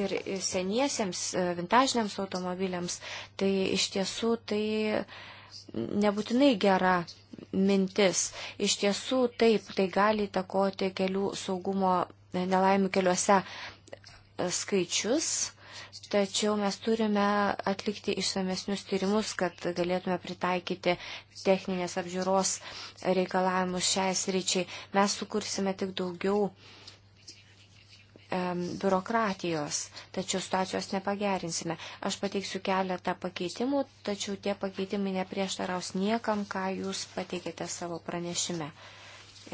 ir seniesiems e, vintažiniams automobiliams, tai iš tiesų tai nebūtinai gera mintis. Iš tiesų taip, tai gali įtakoti kelių saugumo e, nelaimių keliuose e, skaičius tačiau mes turime atlikti išsamesnius tyrimus, kad galėtume pritaikyti techninės apžiūros reikalavimus šiai sričiai. Mes sukursime tik daugiau biurokratijos, tačiau situacijos nepagerinsime. Aš pateiksiu keletą pakeitimų, tačiau tie pakeitimai neprieštaraus niekam, ką jūs pateikėte savo pranešime.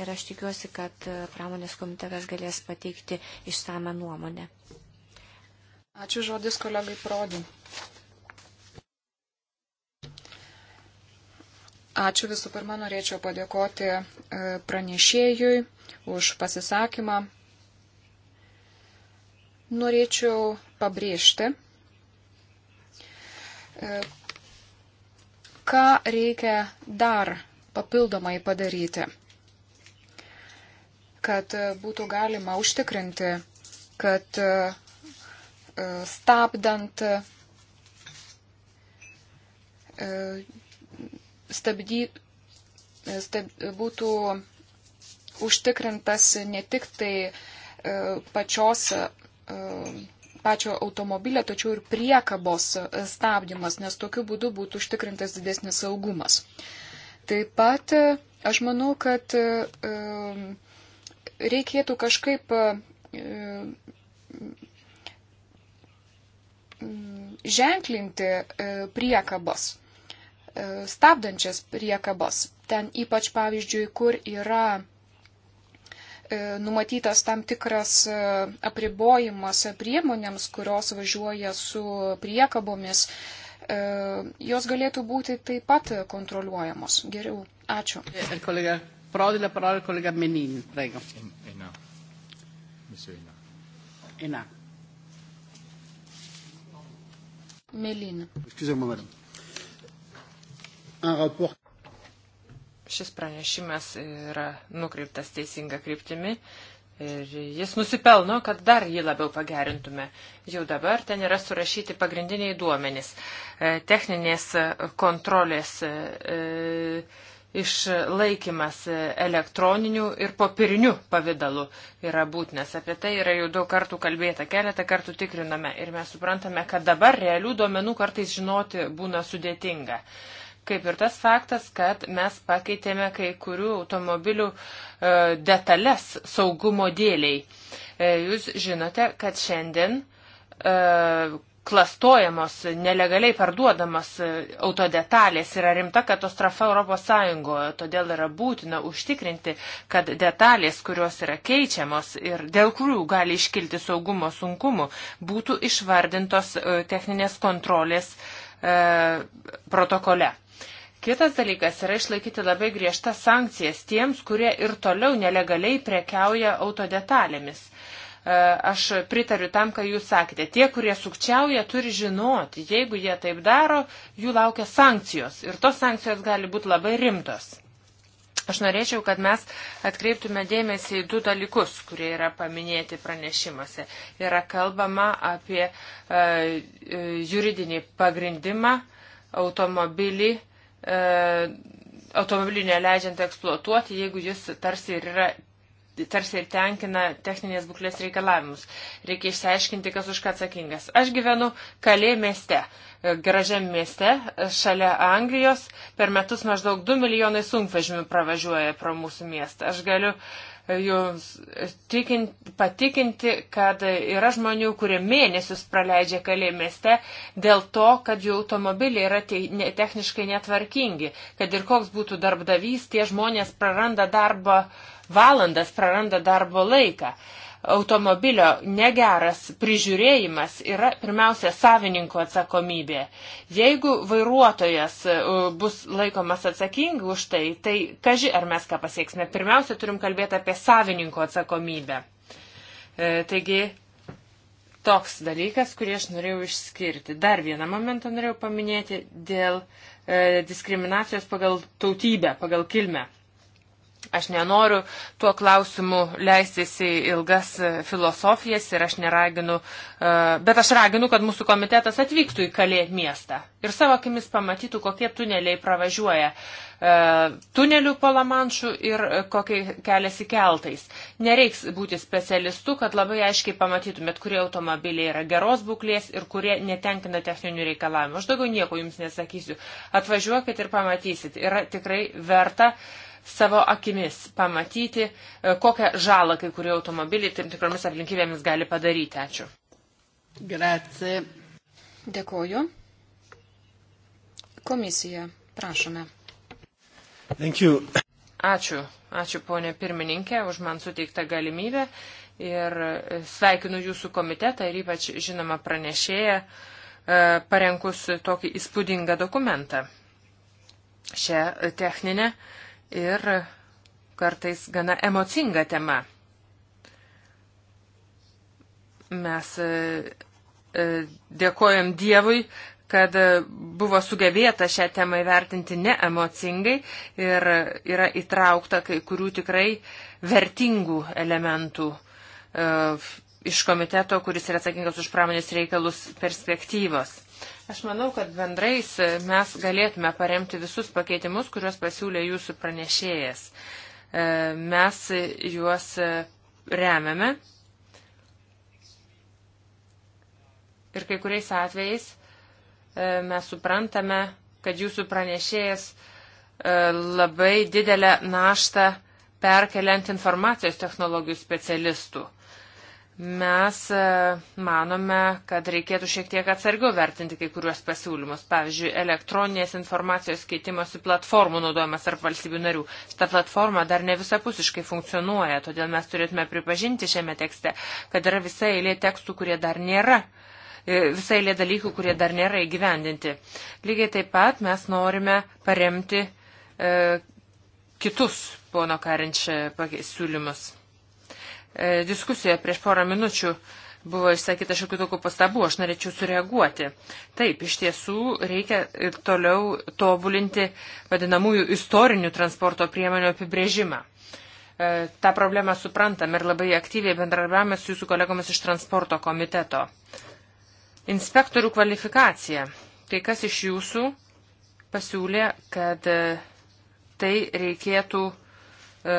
Ir aš tikiuosi, kad pramonės komitetas galės pateikti išsame nuomonę. Ačiū žodis kolegai Prodi. Ačiū visų pirma, norėčiau padėkoti e, pranešėjui už pasisakymą. Norėčiau pabrėžti, e, ką reikia dar papildomai padaryti, kad būtų galima užtikrinti, kad e, stabdant, e, stabdy, e, stab, būtų užtikrintas ne tik tai e, pačios pačio automobilio, tačiau ir priekabos stabdymas, nes tokiu būdu būtų užtikrintas didesnis saugumas. Taip pat aš manau, kad reikėtų kažkaip Mm, ženklinti e, priekabas, e, stabdančias priekabas. Ten ypač, pavyzdžiui, kur yra e, numatytas tam tikras apribojimas priemonėms, kurios važiuoja su priekabomis, jos galėtų būti taip pat kontroliuojamos. Geriau. Ačiū. Kolega, prodi la parola kolega Menin, prego. Ina. Ina. Melin. Šis pranešimas yra nukreiptas teisinga kryptimi. Ir jis nusipelno, kad dar jį labiau pagerintume. Jau dabar ten yra surašyti pagrindiniai duomenys. E, techninės kontrolės. E, išlaikimas elektroniniu ir popieriniu pavydalu yra būtinas. Apie tai yra jau daug kartų kalbėta, keletą kartų tikriname ir mes suprantame, kad dabar realių duomenų kartais žinoti būna sudėtinga. Kaip ir tas faktas, kad mes pakeitėme kai kurių automobilių e, detalės saugumo dėliai. E, jūs žinote, kad šiandien e, klastojamos, nelegaliai parduodamos e, autodetalės yra rimta katastrofa Europos Sąjungoje. Todėl yra būtina užtikrinti, kad detalės, kurios yra keičiamos ir dėl kurių gali iškilti saugumo sunkumų, būtų išvardintos e, techninės kontrolės e, protokole. Kitas dalykas yra išlaikyti labai griežtas sankcijas tiems, kurie ir toliau nelegaliai prekiauja autodetalėmis. detalėmis E, aš pritariu tam, ką jūs sakėte. Tie, kurie sukčiauja, turi žinoti, jeigu jie taip daro, jų laukia sankcijos. Ir tos sankcijos gali būti labai rimtos. Aš norėčiau, kad mes atkreiptume dėmesį į du dalykus, kurie yra paminėti pranešimuose. Yra kalbama apie e, e juridinį pagrindimą automobilį, e, automobilį neleidžiant eksploatuoti, jeigu jis tarsi ir yra tarsi ir tenkina techninės būklės reikalavimus. Reikia išsiaiškinti, kas už ką atsakingas. Aš gyvenu Kalė mieste, e, gražiam mieste, e, šalia Anglijos. Per metus maždaug 2 milijonai sunkvežimių pravažiuoja pro mūsų miestą. Aš galiu e, jums tikint, patikinti, kad yra žmonių, kurie mėnesius praleidžia kalė mieste dėl to, kad jų automobiliai yra te, ne, techniškai netvarkingi, kad ir koks būtų darbdavys, tie žmonės praranda darbą uh, valandas praranda darbo laiką. Automobilio negeras prižiūrėjimas yra pirmiausia savininko atsakomybė. Jeigu vairuotojas e, bus laikomas atsakingi už tai, tai kaži ar mes ką pasieksime. Pirmiausia, turim kalbėti apie savininko atsakomybę. E, taigi, toks dalykas, kurį aš norėjau išskirti. Dar vieną momentą norėjau paminėti dėl e, diskriminacijos pagal tautybę, pagal kilmę. Aš nenoriu tuo klausimu leistis į ilgas e, filosofijas ir aš neraginu, e, bet aš raginu, kad mūsų komitetas atvyktų į Kalė miestą ir savo akimis pamatytų, kokie tuneliai pravažiuoja e, tunelių palamanšų ir kokie keliasi keltais. Nereiks būti specialistu, kad labai aiškiai pamatytumėt, kurie automobiliai yra geros būklės ir kurie netenkina techninių reikalavimų. Aš daugiau nieko jums nesakysiu. Atvažiuokit ir pamatysit. Yra tikrai verta uh, savo akimis pamatyti, e, kokią žalą kai kurie automobiliai tam tikromis aplinkybėmis gali padaryti. Ačiū. Grazie. Dėkoju. Komisija, prašome. Thank you. Ačiū. Ačiū ponė pirmininkė už man suteiktą galimybę ir e, sveikinu jūsų komitetą ir ypač žinoma pranešėją e, parenkus tokį įspūdingą dokumentą. Šią techninę uh, ir kartais gana emocinga tema. Mes e, e, dėkojam Dievui, kad buvo sugebėta šią temą įvertinti neemocingai ir yra įtraukta kai kurių tikrai vertingų elementų e, iš komiteto, kuris yra atsakingas už pramonės reikalus perspektyvos. Aš manau, kad bendrais mes galėtume paremti visus pakeitimus, kuriuos pasiūlė jūsų pranešėjas. E, mes juos remiame ir kai kuriais atvejais e, mes suprantame, kad jūsų pranešėjas e, labai didelę naštą perkeliant informacijos technologijų specialistų. Mes e, manome, kad reikėtų šiek tiek atsargiau vertinti kai kuriuos pasiūlymus. Pavyzdžiui, elektroninės informacijos keitimosi platformų naudojimas tarp valstybių narių. Šita platforma dar ne visapusiškai funkcionuoja, todėl mes turėtume pripažinti šiame tekste, kad yra visa eilė tekstų, kurie dar nėra e, visai lė dalykų, kurie dar nėra įgyvendinti. Lygiai taip pat mes norime paremti e, kitus pono Karinč e, siūlymus. E, diskusijoje prieš porą minučių buvo išsakyta šiokių tokių pastabų, aš norėčiau sureaguoti. Taip, iš tiesų reikia ir toliau tobulinti vadinamųjų istorinių transporto priemonių apibrėžimą. E, tą problemą suprantam ir labai aktyviai bendradarbiavame su jūsų kolegomis iš transporto komiteto. Inspektorių kvalifikacija. Kai kas iš jūsų pasiūlė, kad e, tai reikėtų e,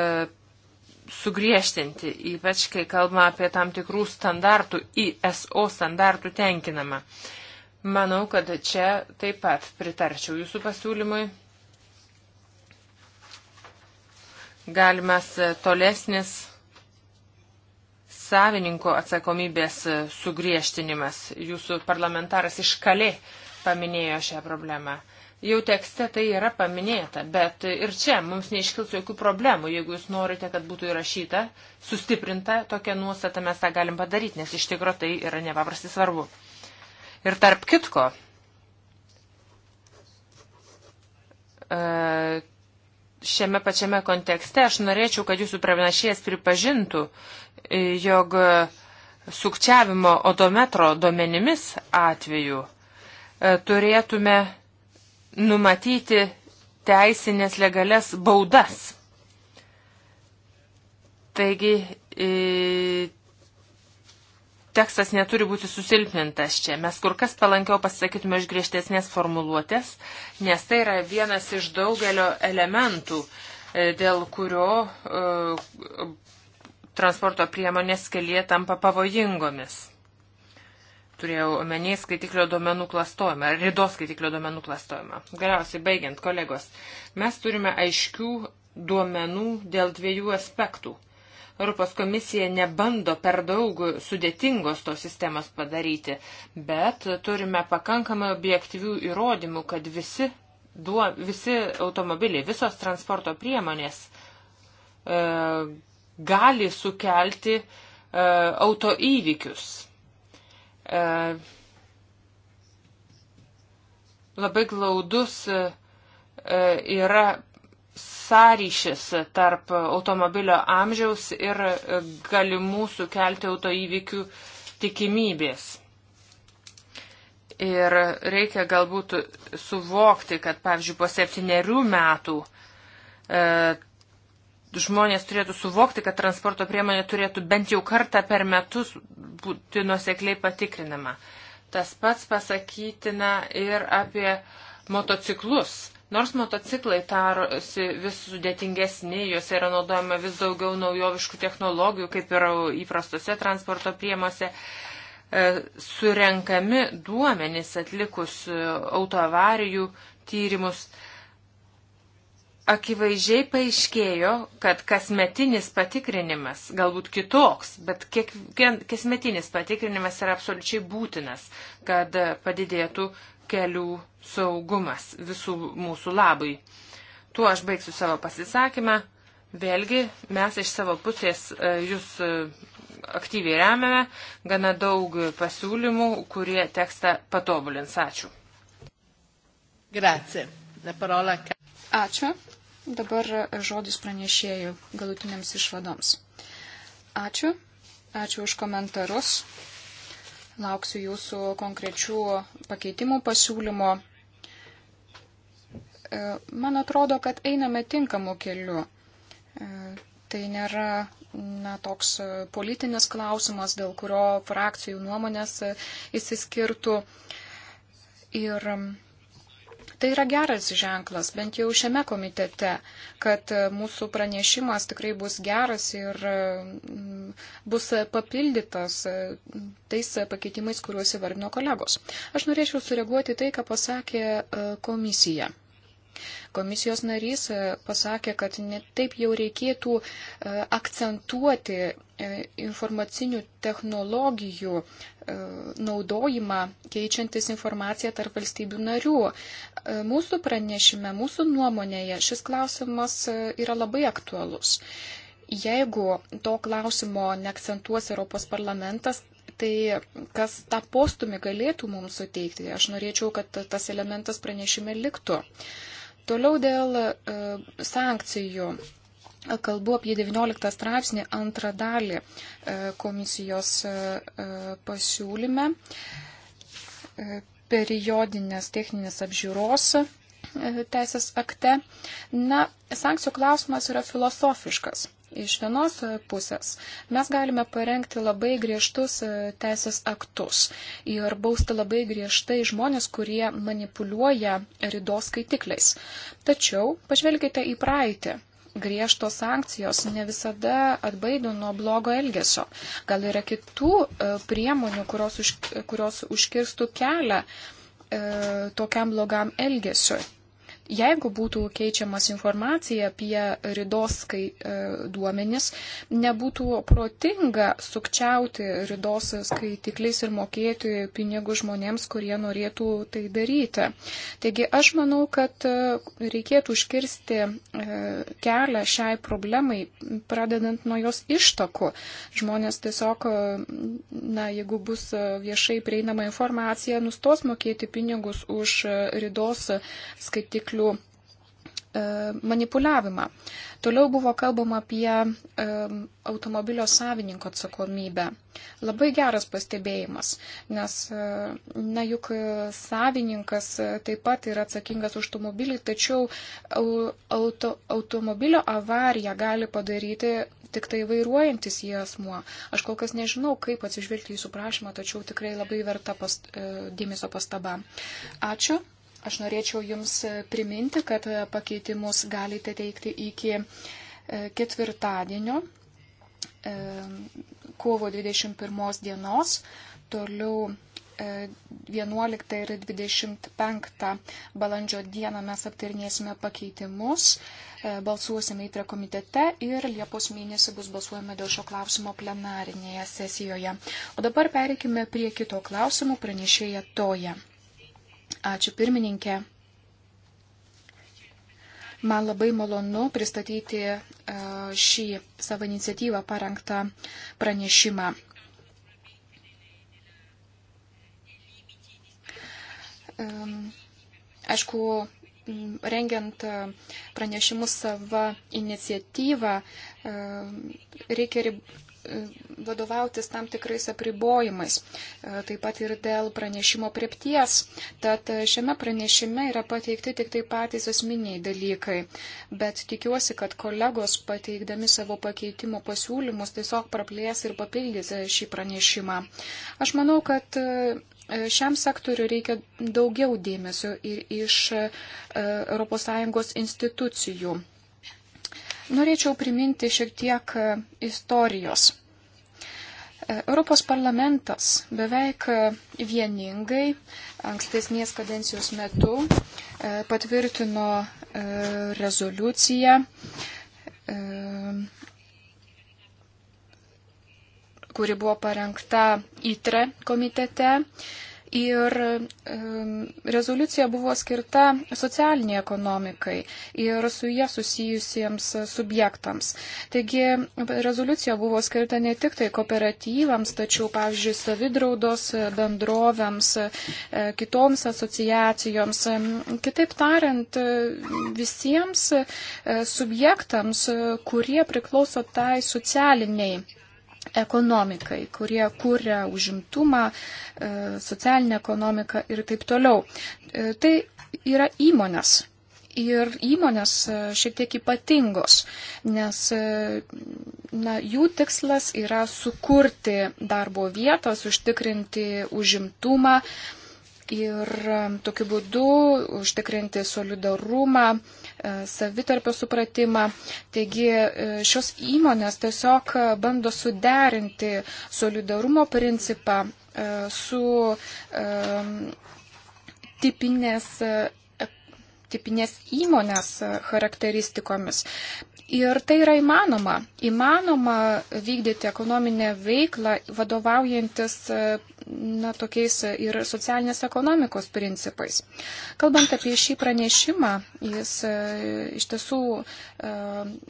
sugriežtinti, ypač kai kalbama apie tam tikrų standartų, ISO standartų tenkinamą. Manau, kad čia taip pat pritarčiau jūsų pasiūlymui. Galimas tolesnis savininko atsakomybės sugriežtinimas. Jūsų parlamentaras iš kalė paminėjo šią problemą. Jau tekste tai yra paminėta, bet ir čia mums neiškils jokių problemų. Jeigu jūs norite, kad būtų įrašyta, sustiprinta tokia nuostata, mes tą galim padaryti, nes iš tikro tai yra nepaprastai svarbu. Ir tarp kitko, e, šiame pačiame kontekste aš norėčiau, kad jūsų pranašėjas pripažintų, e, jog sukčiavimo odometro duomenimis atveju e, turėtume numatyti teisinės legales baudas. Taigi e, tekstas neturi būti susilpnintas čia. Mes kur kas palankiau pasakytume iš griežtesnės formuluotės, nes tai yra vienas iš daugelio elementų, e, dėl kurio e, transporto priemonės kelyje tampa pavojingomis turėjau omeny skaitiklio domenų klastojimą, ridos skaitiklio domenų klastojimą. Galiausiai baigiant, kolegos, mes turime aiškių duomenų dėl dviejų aspektų. Europos komisija nebando per daug sudėtingos tos sistemos padaryti, bet turime pakankamai objektyvių įrodymų, kad visi, duo, visi automobiliai, visos transporto priemonės e, gali sukelti e, autoįvykius E, labai glaudus e, yra sąryšis tarp automobilio amžiaus ir galimų sukelti autoįvykių tikimybės. Ir reikia galbūt suvokti, kad, pavyzdžiui, po septyniarių metų e, žmonės turėtų suvokti, kad transporto priemonė turėtų bent jau kartą per metus būti nusekliai patikrinama. Tas pats pasakytina ir apie motociklus. Nors motociklai tarosi vis sudėtingesni, juose yra naudojama vis daugiau naujoviškų technologijų, kaip ir įprastose transporto priemose, e, surenkami duomenys atlikus e, autoavarijų tyrimus. E, akivaizdžiai paaiškėjo, kad kasmetinis patikrinimas, galbūt kitoks, bet kiekvien, kasmetinis patikrinimas yra absoliučiai būtinas, kad padidėtų kelių saugumas visų mūsų labui. Tuo aš baigsiu savo pasisakymą. Vėlgi, mes iš savo pusės e, jūs e, aktyviai remiame, gana daug pasiūlymų, kurie tekstą patobulins. Ačiū. Grazie. La parola... Ačiū. Dabar žodis pranešėjų galutiniams išvadoms. Ačiū. Ačiū už komentarus. Lauksiu jūsų konkrečių pakeitimų pasiūlymo. E, man atrodo, kad einame tinkamu keliu. E, tai nėra na, toks politinis klausimas, dėl kurio frakcijų nuomonės įsiskirtų. E, Ir Tai yra geras ženklas, bent jau šiame komitete, kad mūsų pranešimas tikrai bus geras ir mm, bus papildytas mm, tais pakeitimais, kuriuos įvardino kolegos. Aš norėčiau sureaguoti tai, ką pasakė e, komisija. Komisijos narys e, pasakė, kad ne taip jau reikėtų e, akcentuoti E, informacinių technologijų e, naudojimą, keičiantis informaciją tarp valstybių narių. E, mūsų pranešime, mūsų nuomonėje šis klausimas yra labai aktualus. Jeigu to klausimo neakcentuos Europos parlamentas, tai kas tą postumį galėtų mums suteikti, aš norėčiau, kad tas elementas pranešime liktų. Toliau dėl sankcijų Kalbu apie 19 straipsnį antrą dalį e, komisijos e, e, pasiūlyme periodinės techninės apžiūros teisės akte. Na, sankcijų klausimas yra filosofiškas. Iš vienos pusės mes galime parengti labai griežtus teisės aktus ir bausti labai griežtai žmonės, kurie manipuliuoja ridos skaitikliais. Tačiau pažvelkite į praeitį griežtos sankcijos ne visada atbaido nuo blogo elgesio. Gal yra kitų e, priemonių, kurios, už, kurios užkirstų kelią e, tokiam blogam elgesiui. Jeigu būtų keičiamas informacija apie ridos kai, e, duomenis, nebūtų protinga sukčiauti ridos skaitikliais ir mokėti pinigų žmonėms, kurie norėtų tai daryti. Taigi aš manau, kad e, reikėtų užkirsti e, kelią šiai problemai, pradedant nuo jos ištakų. Žmonės tiesiog, na, jeigu bus viešai prieinama informacija, nustos mokėti pinigus už ridos skaitiklių išteklių e, manipuliavimą. Toliau buvo kalbama apie e, automobilio savininko atsakomybę. Labai geras pastebėjimas, nes, e, na juk savininkas taip pat yra atsakingas už automobilį, tačiau auto, automobilio avariją gali padaryti tik tai vairuojantis jį asmuo. Aš kol kas nežinau, kaip atsižvelgti į jūsų prašymą, tačiau tikrai labai verta past, dėmesio pastaba. Ačiū. Aš norėčiau Jums priminti, kad pakeitimus galite teikti iki e, ketvirtadienio, e, kovo 21 dienos, toliau 11 e, ir 25 balandžio dieną mes aptarnėsime pakeitimus, balsuosime į tre komitete ir Liepos mėnesį bus balsuojama dėl šio klausimo plenarinėje sesijoje. O dabar pereikime prie kito klausimo pranešėja Toja. Ačiū pirmininkė. Man labai malonu pristatyti e, šį savo iniciatyvą parengtą pranešimą. Aišku, rengiant e, pranešimus savo iniciatyvą, e, reikia vadovautis tam tikrais apribojimais, e, taip pat ir dėl pranešimo priepties. Tad e, šiame pranešime yra pateikti tik tai patys asmeniai dalykai, bet tikiuosi, kad kolegos pateikdami savo pakeitimo pasiūlymus tiesiog praplės ir papildys e, šį pranešimą. Aš manau, kad šiam sektoriu reikia daugiau dėmesio ir iš ES institucijų. Norėčiau priminti šiek tiek e, istorijos. E, Europos parlamentas beveik e, vieningai ankstesnės kadencijos metu patvirtino rezoliuciją kuri buvo parengta ITRE komitete Ir rezoliucija buvo skirta socialiniai ekonomikai ir su jie susijusiems subjektams. Taigi rezoliucija buvo skirta ne tik tai kooperatyvams, tačiau, pavyzdžiui, savidraudos bendrovėms, e, kitoms asociacijoms. Kitaip tariant, visiems e, subjektams, kurie priklauso tai socialiniai ekonomikai, kurie kūrė užimtumą, e, socialinę ekonomiką ir taip toliau. E, tai yra įmonės. Ir įmonės e, šiek tiek ypatingos, nes na, jų tikslas yra sukurti darbo vietas, užtikrinti užimtumą ir tokiu būdu užtikrinti solidarumą E, savitarpio supratimą. Taigi e, šios įmonės tiesiog bando suderinti solidarumo principą e, su tipinės tipinės įmonės charakteristikomis. Ir tai yra įmanoma. Įmanoma vykdyti ekonominę veiklą vadovaujantis na, tokiais ir socialinės ekonomikos principais. Kalbant apie šį pranešimą, jis e, iš tiesų e,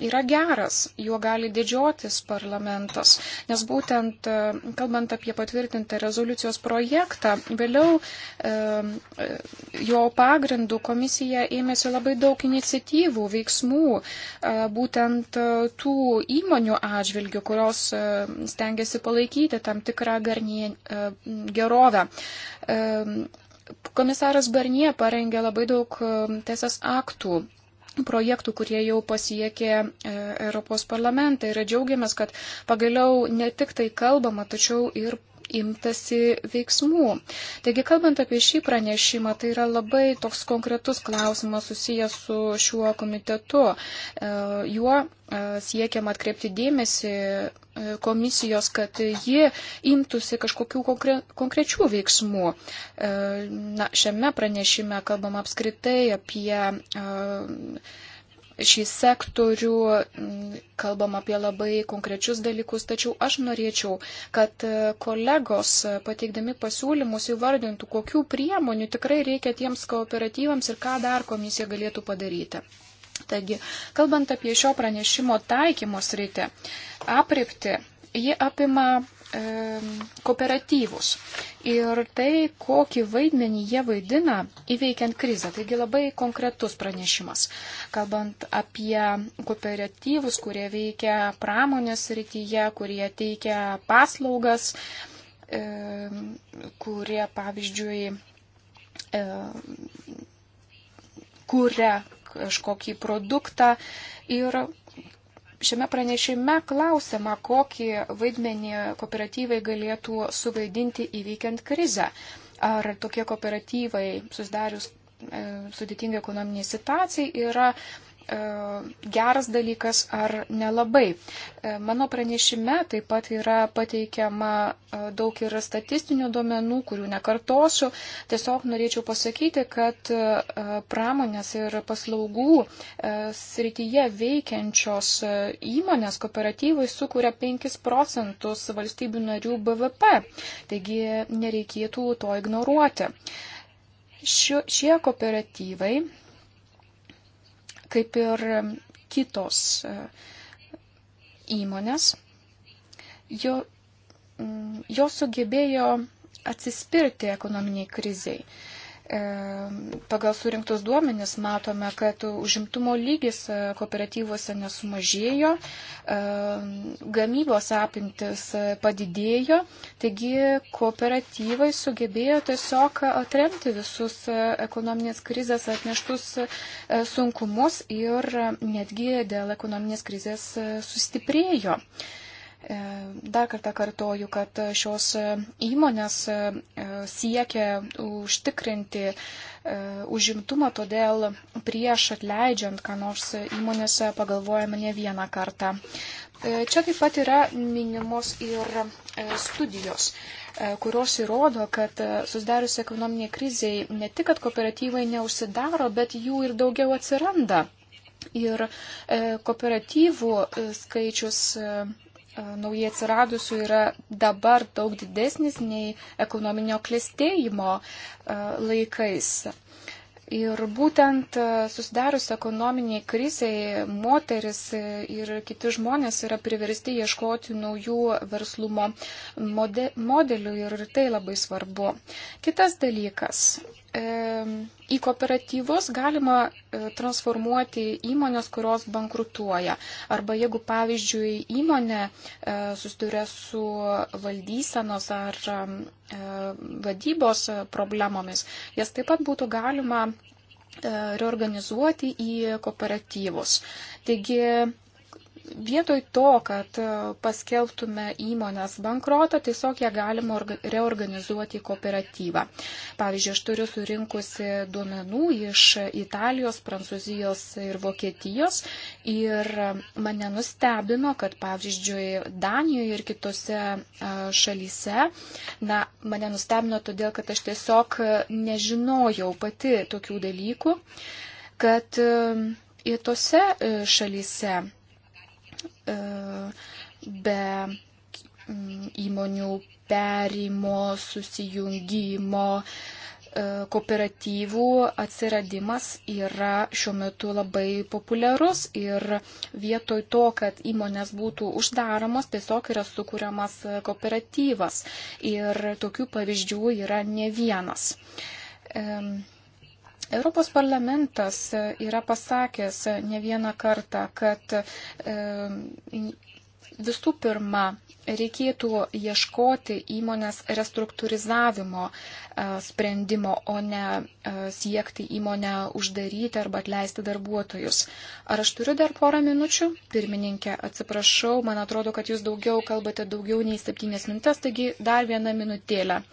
yra geras, juo gali didžiotis parlamentas, nes būtent e, kalbant apie patvirtintą rezoliucijos projektą, vėliau jo pagrindų komisija ėmėsi labai daug iniciatyvų, veiksmų, būtent tų įmonių atžvilgių, kurios stengiasi palaikyti tam tikrą garnie, gerovę. Komisaras Barnie parengė labai daug teisės aktų projektų, kurie jau pasiekė e, Europos parlamentą ir džiaugiamės, kad pagaliau ne tik tai kalbama, tačiau ir imtasi veiksmų. Taigi, kalbant apie šį pranešimą, tai yra labai toks konkretus klausimas susijęs su šiuo komitetu. E, juo e, siekiam atkreipti dėmesį e, komisijos, kad ji imtųsi kažkokių konkre, konkrečių veiksmų. Na, šiame pranešime kalbam apskritai apie šį sektorių, kalbam apie labai konkrečius dalykus, tačiau aš norėčiau, kad e, kolegos e, pateikdami pasiūlymus įvardintų, kokių priemonių tikrai reikia tiems kooperatyvams ir ką dar komisija galėtų padaryti. Taigi, kalbant apie šio pranešimo taikymo sritį, apripti, ji apima kooperatyvus ir tai, kokį vaidmenį jie vaidina įveikiant krizę. Taigi labai konkretus pranešimas. Kalbant apie kooperatyvus, kurie veikia pramonės rytyje, kurie teikia paslaugas, kurie, pavyzdžiui, kuria kažkokį produktą ir Šiame pranešime klausima, kokį vaidmenį kooperatyvai galėtų suvaidinti įveikiant krizę. Ar tokie kooperatyvai susidarius e, sudėtingai ekonominiai situacijai yra E, geras dalykas ar nelabai. E, mano pranešime taip pat yra pateikiama e, daug ir statistinių duomenų, kurių nekartosiu. Tiesiog norėčiau pasakyti, kad pramonės ir paslaugų srityje veikiančios įmonės kooperatyvai sukuria 5 procentus valstybių narių BVP. Taigi nereikėtų to ignoruoti. Šio, šie kooperatyvai kaip ir kitos e, įmonės, jo, mm, jo sugebėjo atsispirti ekonominiai kriziai. E, pagal surinktus duomenis matome, kad užimtumo lygis e, kooperatyvuose nesumažėjo, e, gamybos apimtis padidėjo, taigi kooperatyvai sugebėjo tiesiog atremti visus ekonominės krizės atneštus sunkumus ir netgi dėl ekonominės krizės sustiprėjo. E, dar kartą kartoju, kad šios įmonės e, siekia užtikrinti e, užimtumą, todėl prieš atleidžiant, ką nors įmonėse pagalvojame ne vieną kartą. Čia taip pat yra minimos ir studijos kurios įrodo, kad susidarius ekonominiai kriziai ne tik, kad kooperatyvai neužsidaro, bet jų ir daugiau atsiranda. Ir kooperatyvų skaičius E, naujai atsiradusių yra dabar daug didesnis nei ekonominio klėstėjimo e, laikais. Ir būtent e, susidarius ekonominiai kriziai moteris ir kiti žmonės yra priversti ieškoti naujų verslumo modelių ir tai labai svarbu. Kitas dalykas E, į kooperatyvus galima e, transformuoti įmonės, kurios bankrutuoja. Arba jeigu, pavyzdžiui, įmonė e, susiduria su valdysenos ar vadybos problemomis, jas taip pat būtų galima reorganizuoti į kooperatyvus. Taigi Vietoj to, kad e, paskelbtume įmonės bankrotą, tiesiog ją galima reorganizuoti į kooperatyvą. Pavyzdžiui, aš turiu surinkusi duomenų iš Italijos, Prancūzijos ir Vokietijos ir mane nustebino, kad pavyzdžiui, Danijoje ir kitose e, šalyse, na, mane nustebino todėl, kad aš tiesiog nežinojau pati tokių dalykų, kad e, ir tose šalyse be mm, įmonių perimo, susijungimo, e, kooperatyvų atsiradimas yra šiuo metu labai populiarus ir vietoj to, kad įmonės būtų uždaromos, tiesiog yra sukūriamas kooperatyvas. Ir tokių pavyzdžių yra ne vienas. Um, Europos parlamentas e, yra pasakęs e, ne vieną kartą, kad e, visų pirma reikėtų ieškoti įmonės restruktūrizavimo sprendimo, o ne siekti įmonę uždaryti arba atleisti darbuotojus. Ar aš turiu dar porą minučių? Pirmininkė, atsiprašau, man atrodo, kad jūs daugiau kalbate daugiau nei septynės minutės, taigi dar vieną minutėlę.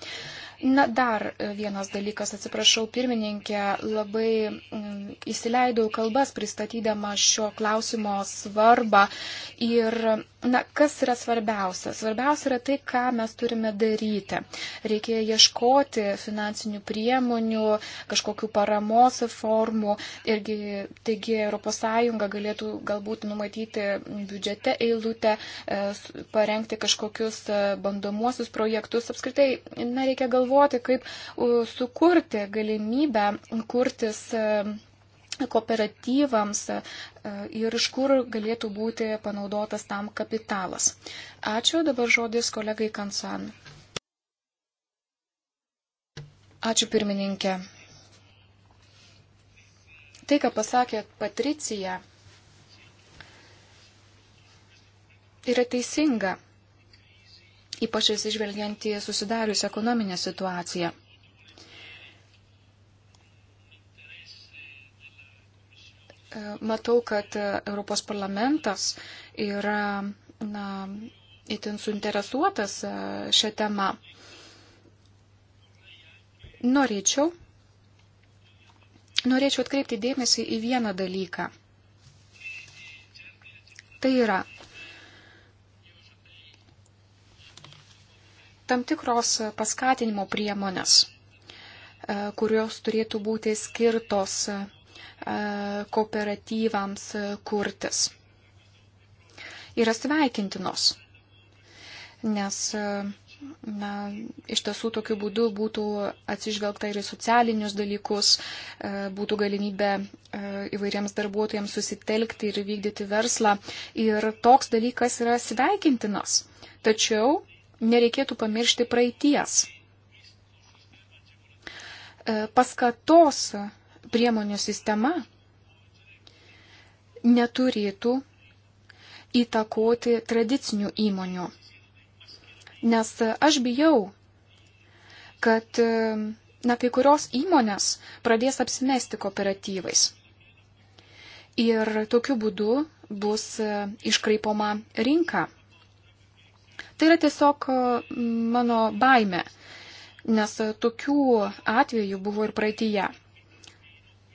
Na, dar e, vienas dalykas, atsiprašau, pirmininkė, labai įsileidau kalbas pristatydama šio klausimo svarbą. Ir, na, kas yra svarbiausia? Svarbiausia yra tai, ką mes turime daryti. Reikia ieškoti finansinių priemonių, kažkokių paramos formų. Irgi, taigi, ES galėtų galbūt numatyti biudžete eilutę, e, parengti kažkokius e, bandomuosius projektus. Apskritai, na, reikia galvoti pagalvoti, kaip sukurti galimybę kurtis e, kooperatyvams e, ir iš kur galėtų būti panaudotas tam kapitalas. Ačiū, dabar žodis kolegai Kansan. Ačiū pirmininkė. Tai, ką pasakė Patricija, yra teisinga ypač atsižvelgiant į susidariusią ekonominę situaciją. E, matau, kad Europos parlamentas yra na, itin suinteresuotas e, šią temą. Norėčiau, norėčiau atkreipti dėmesį į vieną dalyką. Tai yra, tam tikros e, paskatinimo priemonės, e, kurios turėtų būti skirtos e, kooperatyvams kurtis. Yra sveikintinos, nes na, iš tiesų tokiu būdu būtų atsižvelgta ir į socialinius dalykus, būtų galimybė įvairiems darbuotojams susitelkti ir vykdyti verslą. Ir toks dalykas yra sveikintinas. Tačiau nereikėtų pamiršti praeities. E, paskatos priemonių sistema neturėtų įtakoti tradicinių įmonių. Nes aš bijau, kad e, na, kai kurios įmonės pradės apsimesti kooperatyvais. Ir tokiu būdu bus e, iškraipoma rinka. Tai yra tiesiog e, mano baime, nes e, tokių atvejų buvo ir praeitįje.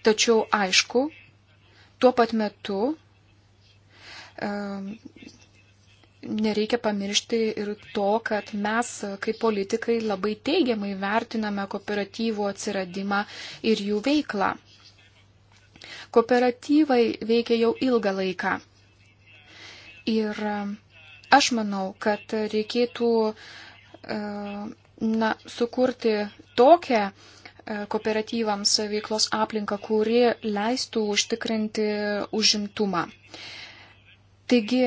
Tačiau aišku, tuo pat metu e, nereikia pamiršti ir to, kad mes e, kaip politikai labai teigiamai vertiname kooperatyvų atsiradimą ir jų veiklą. Kooperatyvai veikia jau ilgą laiką. Ir Aš manau, kad reikėtų e, na, sukurti tokią e, kooperatyvams veiklos aplinką, kuri leistų užtikrinti užimtumą. Taigi,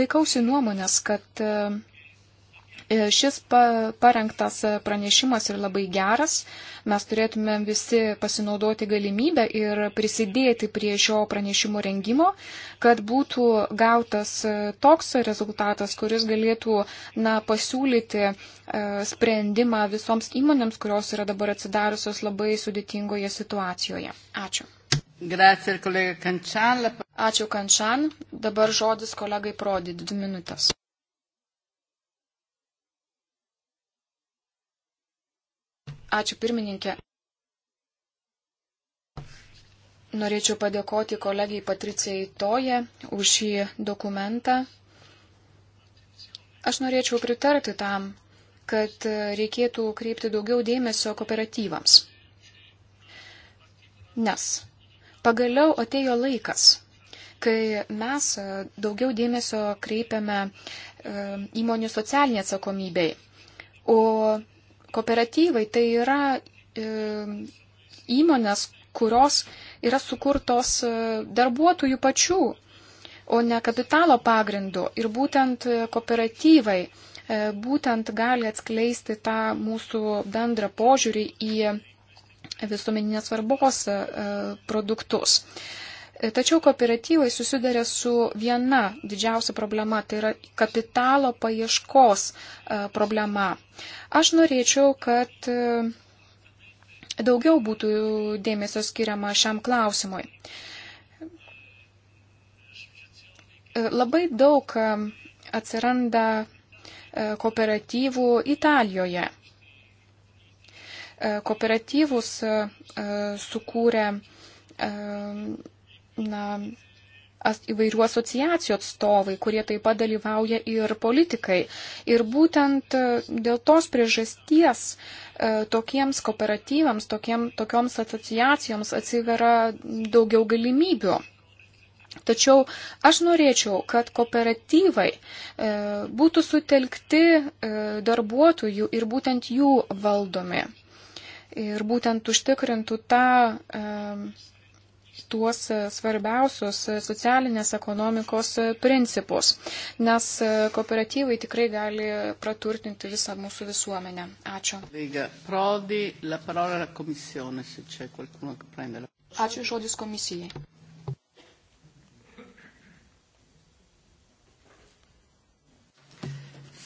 laikausi nuomonės, kad e, E, šis parengtas pranešimas yra labai geras. Mes turėtume visi pasinaudoti galimybę ir prisidėti prie šio pranešimo rengimo, kad būtų gautas e, toks rezultatas, kuris galėtų na, pasiūlyti e, sprendimą visoms įmonėms, kurios yra dabar atsidariusios labai sudėtingoje situacijoje. Ačiū. Grazie, kolega Kančan. Ačiū Kančan. Dabar žodis kolegai Prodi, dvi minutės. Ačiū pirmininkė. Norėčiau padėkoti kolegijai Patricijai Toje už šį dokumentą. Aš norėčiau pritarti tam, kad reikėtų kreipti daugiau dėmesio kooperatyvams. Nes pagaliau atėjo laikas, kai mes daugiau dėmesio kreipiame e, įmonių socialinė atsakomybei, o Kooperatyvai tai yra e, įmonės, kurios yra sukurtos e, darbuotojų pačių, o ne kapitalo pagrindu. Ir būtent e, kooperatyvai būtent gali atskleisti tą mūsų bendrą požiūrį į visuomeninės svarbos produktus. Tačiau kooperatyvai susiduria su viena didžiausia problema, tai yra kapitalo paieškos e, problema. Aš norėčiau, kad e, daugiau būtų dėmesio skiriama šiam klausimui. E, labai daug atsiranda kooperatyvų Italijoje. Kooperatyvus sukūrė na, įvairių asociacijų atstovai, kurie taip pat dalyvauja ir politikai. Ir būtent e, dėl tos priežasties e, tokiems kooperatyvams, tokiem, tokioms asociacijoms atsiveria daugiau galimybių. Tačiau aš norėčiau, kad kooperatyvai e, būtų sutelkti e, darbuotojų ir būtent jų valdomi. Ir būtent užtikrintų tą e, tuos e, svarbiausius e, socialinės ekonomikos e, principus, nes kooperatyvai tikrai gali praturtinti visą mūsų visuomenę. Ačiū. Ačiū žodis komisijai.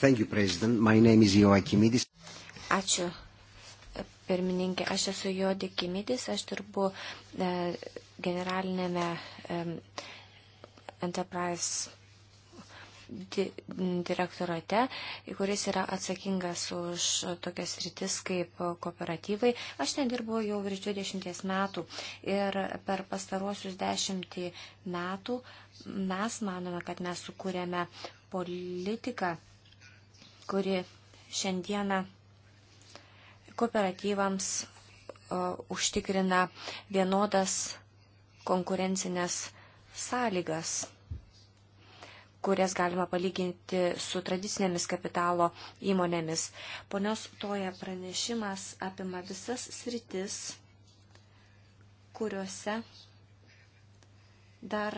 Thank you, President. My name is Joachimidis. Ačiū, pirmininkė. Aš esu Jodikimidis, aš dirbu e, generalinėme Enterprise direktorate, kuris yra atsakingas už tokias rytis kaip kooperatyvai. Aš ten dirbu jau virš 20 metų ir per pastaruosius 10 metų mes manome, kad mes sukūrėme politiką, kuri šiandieną kooperatyvams o, užtikrina vienodas konkurencinės sąlygas, kurias galima palyginti su tradicinėmis kapitalo įmonėmis. Ponios Toja pranešimas apima visas sritis, kuriuose dar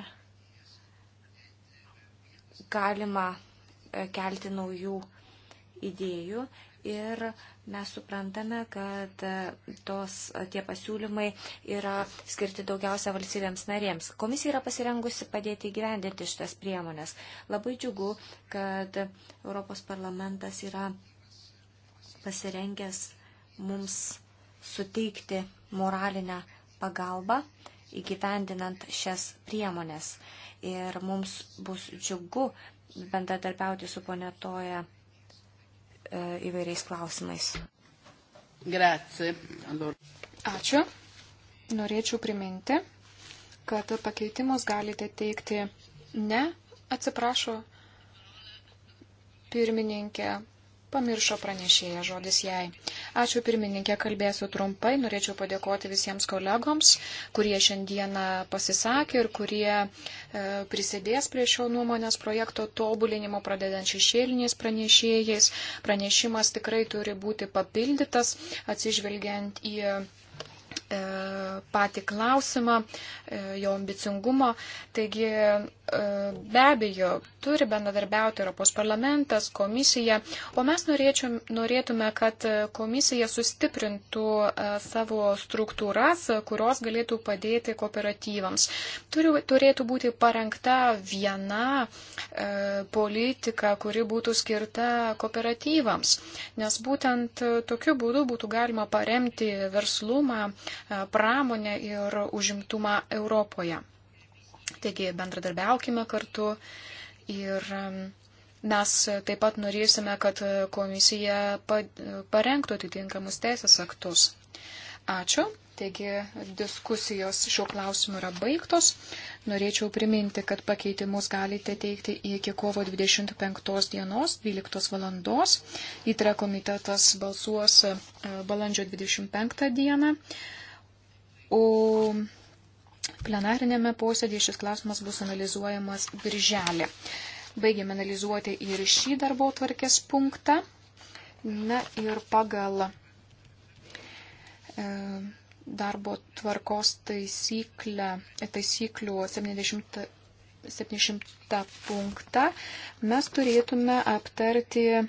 galima e, kelti naujų idėjų ir mes suprantame, kad tos, tie pasiūlymai yra skirti daugiausia valstybėms narėms. Komisija yra pasirengusi padėti įgyvendinti šitas priemonės. Labai džiugu, kad Europos parlamentas yra pasirengęs mums suteikti moralinę pagalbą įgyvendinant šias priemonės. Ir mums bus džiugu bendradarbiauti su ponetoje E, įvairiais klausimais. Grazie. Allora. Ačiū. Norėčiau priminti, kad pakeitimus galite teikti ne, atsiprašo, pirmininkė pamiršo pranešėja žodis jai. Ačiū pirmininkė, kalbėsiu trumpai. Norėčiau padėkoti visiems kolegoms, kurie šiandieną pasisakė ir kurie e, prisidės prie šio nuomonės projekto tobulinimo, pradedant šešėliniais pranešėjais. Pranešimas tikrai turi būti papildytas, atsižvelgiant į e, patį klausimą, e, jo ambicingumą. Taigi be abejo turi bendradarbiauti Europos parlamentas, komisija, o mes norėtume, kad komisija sustiprintų e, savo struktūras, kurios galėtų padėti kooperatyvams. Turi, turėtų būti parengta viena e, politika, kuri būtų skirta kooperatyvams, nes būtent tokiu būdu būtų galima paremti verslumą, e, pramonę ir užimtumą Europoje taigi bendradarbiaukime kartu ir mes taip pat norėsime, kad komisija parengtų atitinkamus teisės aktus. Ačiū. Taigi diskusijos šiuo klausimu yra baigtos. Norėčiau priminti, kad pakeitimus galite teikti iki kovo 25 dienos 12 valandos. Įtre komitetas balsuos e, balandžio 25 dieną. O Plenarinėme posėdėje šis klausimas bus analizuojamas birželį. Baigėme analizuoti ir šį darbo tvarkės punktą. Na ir pagal e, darbo tvarkos taisyklę, taisyklių 70, 70 punktą mes turėtume aptarti e,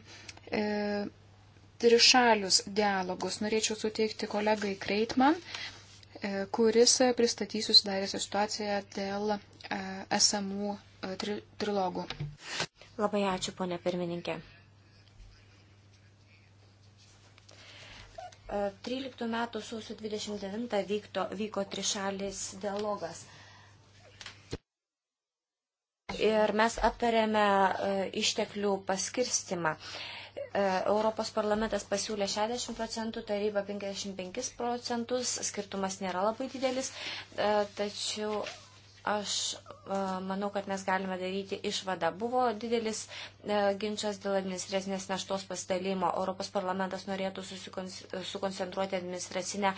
trišalius dialogus. Norėčiau suteikti kolegai Kreitman E, kuris pristatys susidariusią situaciją dėl e, esamų e, tri trilogų. Labai ačiū, ponė pirmininkė. 13 metų sausio 29 vykto, vyko trišalis dialogas. Ir mes aptarėme išteklių paskirstimą. Uh, E, Europos parlamentas pasiūlė 60 procentų, taryba 55 procentus, skirtumas nėra labai didelis, e, tačiau aš e, manau, kad mes galime daryti išvadą. Buvo didelis ginčas dėl administracinės naštos pasidalymo. Europos parlamentas norėtų sukoncentruoti administracinę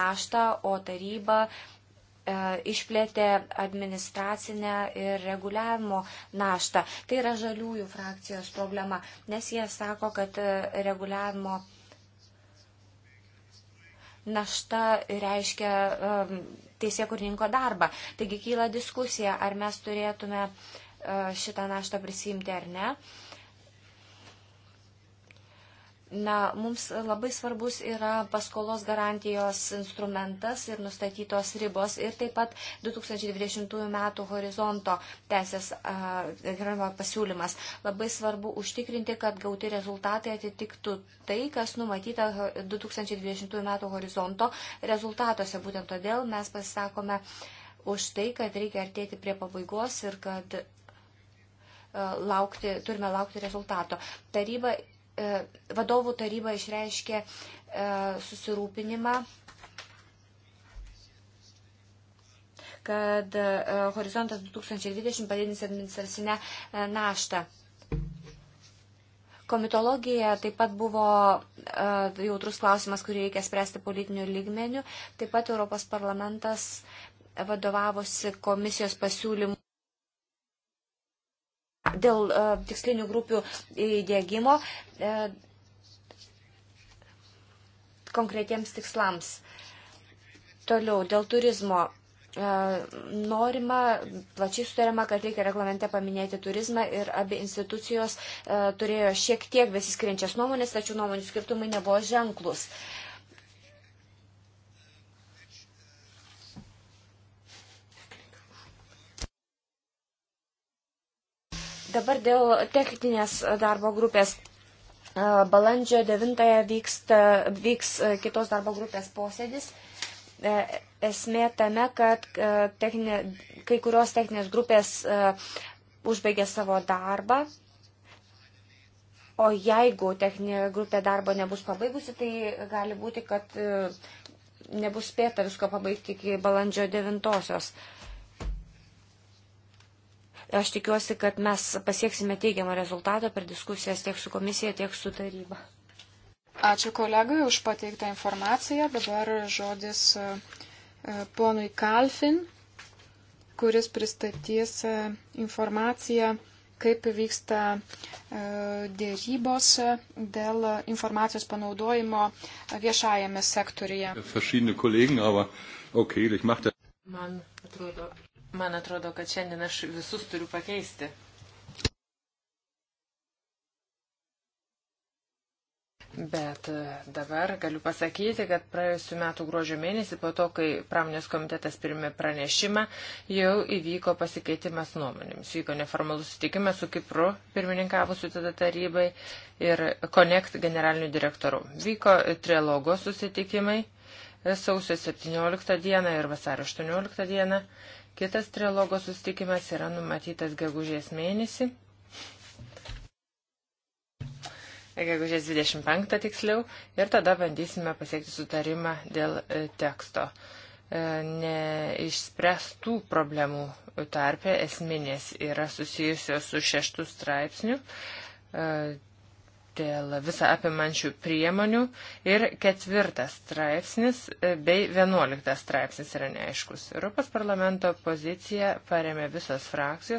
naštą, o taryba E, išplėtė administracinę ir reguliavimo naštą. Tai yra žaliųjų frakcijos problema, nes jie sako, kad e, reguliavimo našta reiškia e, teisėkurninko darbą. Taigi kyla diskusija, ar mes turėtume šitą naštą prisimti ar ne. Uh, Na, mums labai svarbus yra paskolos garantijos instrumentas ir nustatytos ribos ir taip pat 2020 m. horizonto teisės uh, pasiūlymas. Labai svarbu užtikrinti, kad gauti rezultatai atitiktų tai, kas numatyta 2020 m. horizonto rezultatuose. Būtent todėl mes pasisakome už tai, kad reikia artėti prie pabaigos ir kad laukti, turime laukti rezultato. Taryba E, vadovų taryba išreiškė e, susirūpinimą kad e, Horizontas 2020 padidins administracinę naštą. Komitologija taip pat buvo jautrus klausimas, kurį reikia spręsti politinių lygmenių. Taip pat Europos parlamentas vadovavosi komisijos pasiūlymų dėl e, tikslinių grupių įdėgymo e, konkretiems tikslams. Toliau, dėl turizmo. E, norima, plačiai sutariama, kad reikia reglamente paminėti turizmą ir abi institucijos turėjo šiek tiek besiskiriančias nuomonės, tačiau nuomonių skirtumai nebuvo ženklus. Uh, Dabar dėl techninės darbo grupės. Balandžio 9 vyksta, vyks kitos darbo grupės posėdis. E, esmė tame, kad techninė, kai kurios techninės grupės užbaigė savo darbą. O jeigu techninė grupė darbo nebus pabaigusi, tai gali būti, kad e, nebus spėta visko pabaigti iki balandžio 9. -osios. Aš tikiuosi, kad mes pasieksime teigiamą rezultatą per diskusijas tiek su komisija, tiek su taryba. Ačiū kolegai už pateiktą informaciją. Dabar žodis e, e, ponui Kalfin, kuris pristatys e, informaciją, kaip vyksta dėrybos dėl informacijos panaudojimo viešajame sektorija. Man atrodo, Man atrodo, kad šiandien aš visus turiu pakeisti. Bet e, dabar galiu pasakyti, kad praėjusiu metu gruožio mėnesį, po to, kai pramonės komitetas pirmė pranešimą, jau įvyko pasikeitimas nuomonėmis. Vyko neformalus sutikimas su Kipru, pirmininkavusiu tada tarybai ir Connect generaliniu direktoru. Vyko trilogo susitikimai e, sausio 17 dieną ir vasario 18 dieną. Kitas trilogo sustikimas yra numatytas gegužės mėnesį. Gegužės 25 tiksliau. Ir tada bandysime pasiekti sutarimą dėl e, teksto. E, neišspręstų problemų tarpė esminės yra susijusios su šeštų straipsniu e, dėl visą apimančių priemonių ir ketvirtas straipsnis e, bei vienuoliktas straipsnis yra neaiškus. Europos parlamento poziciją paremė visos frakcijos.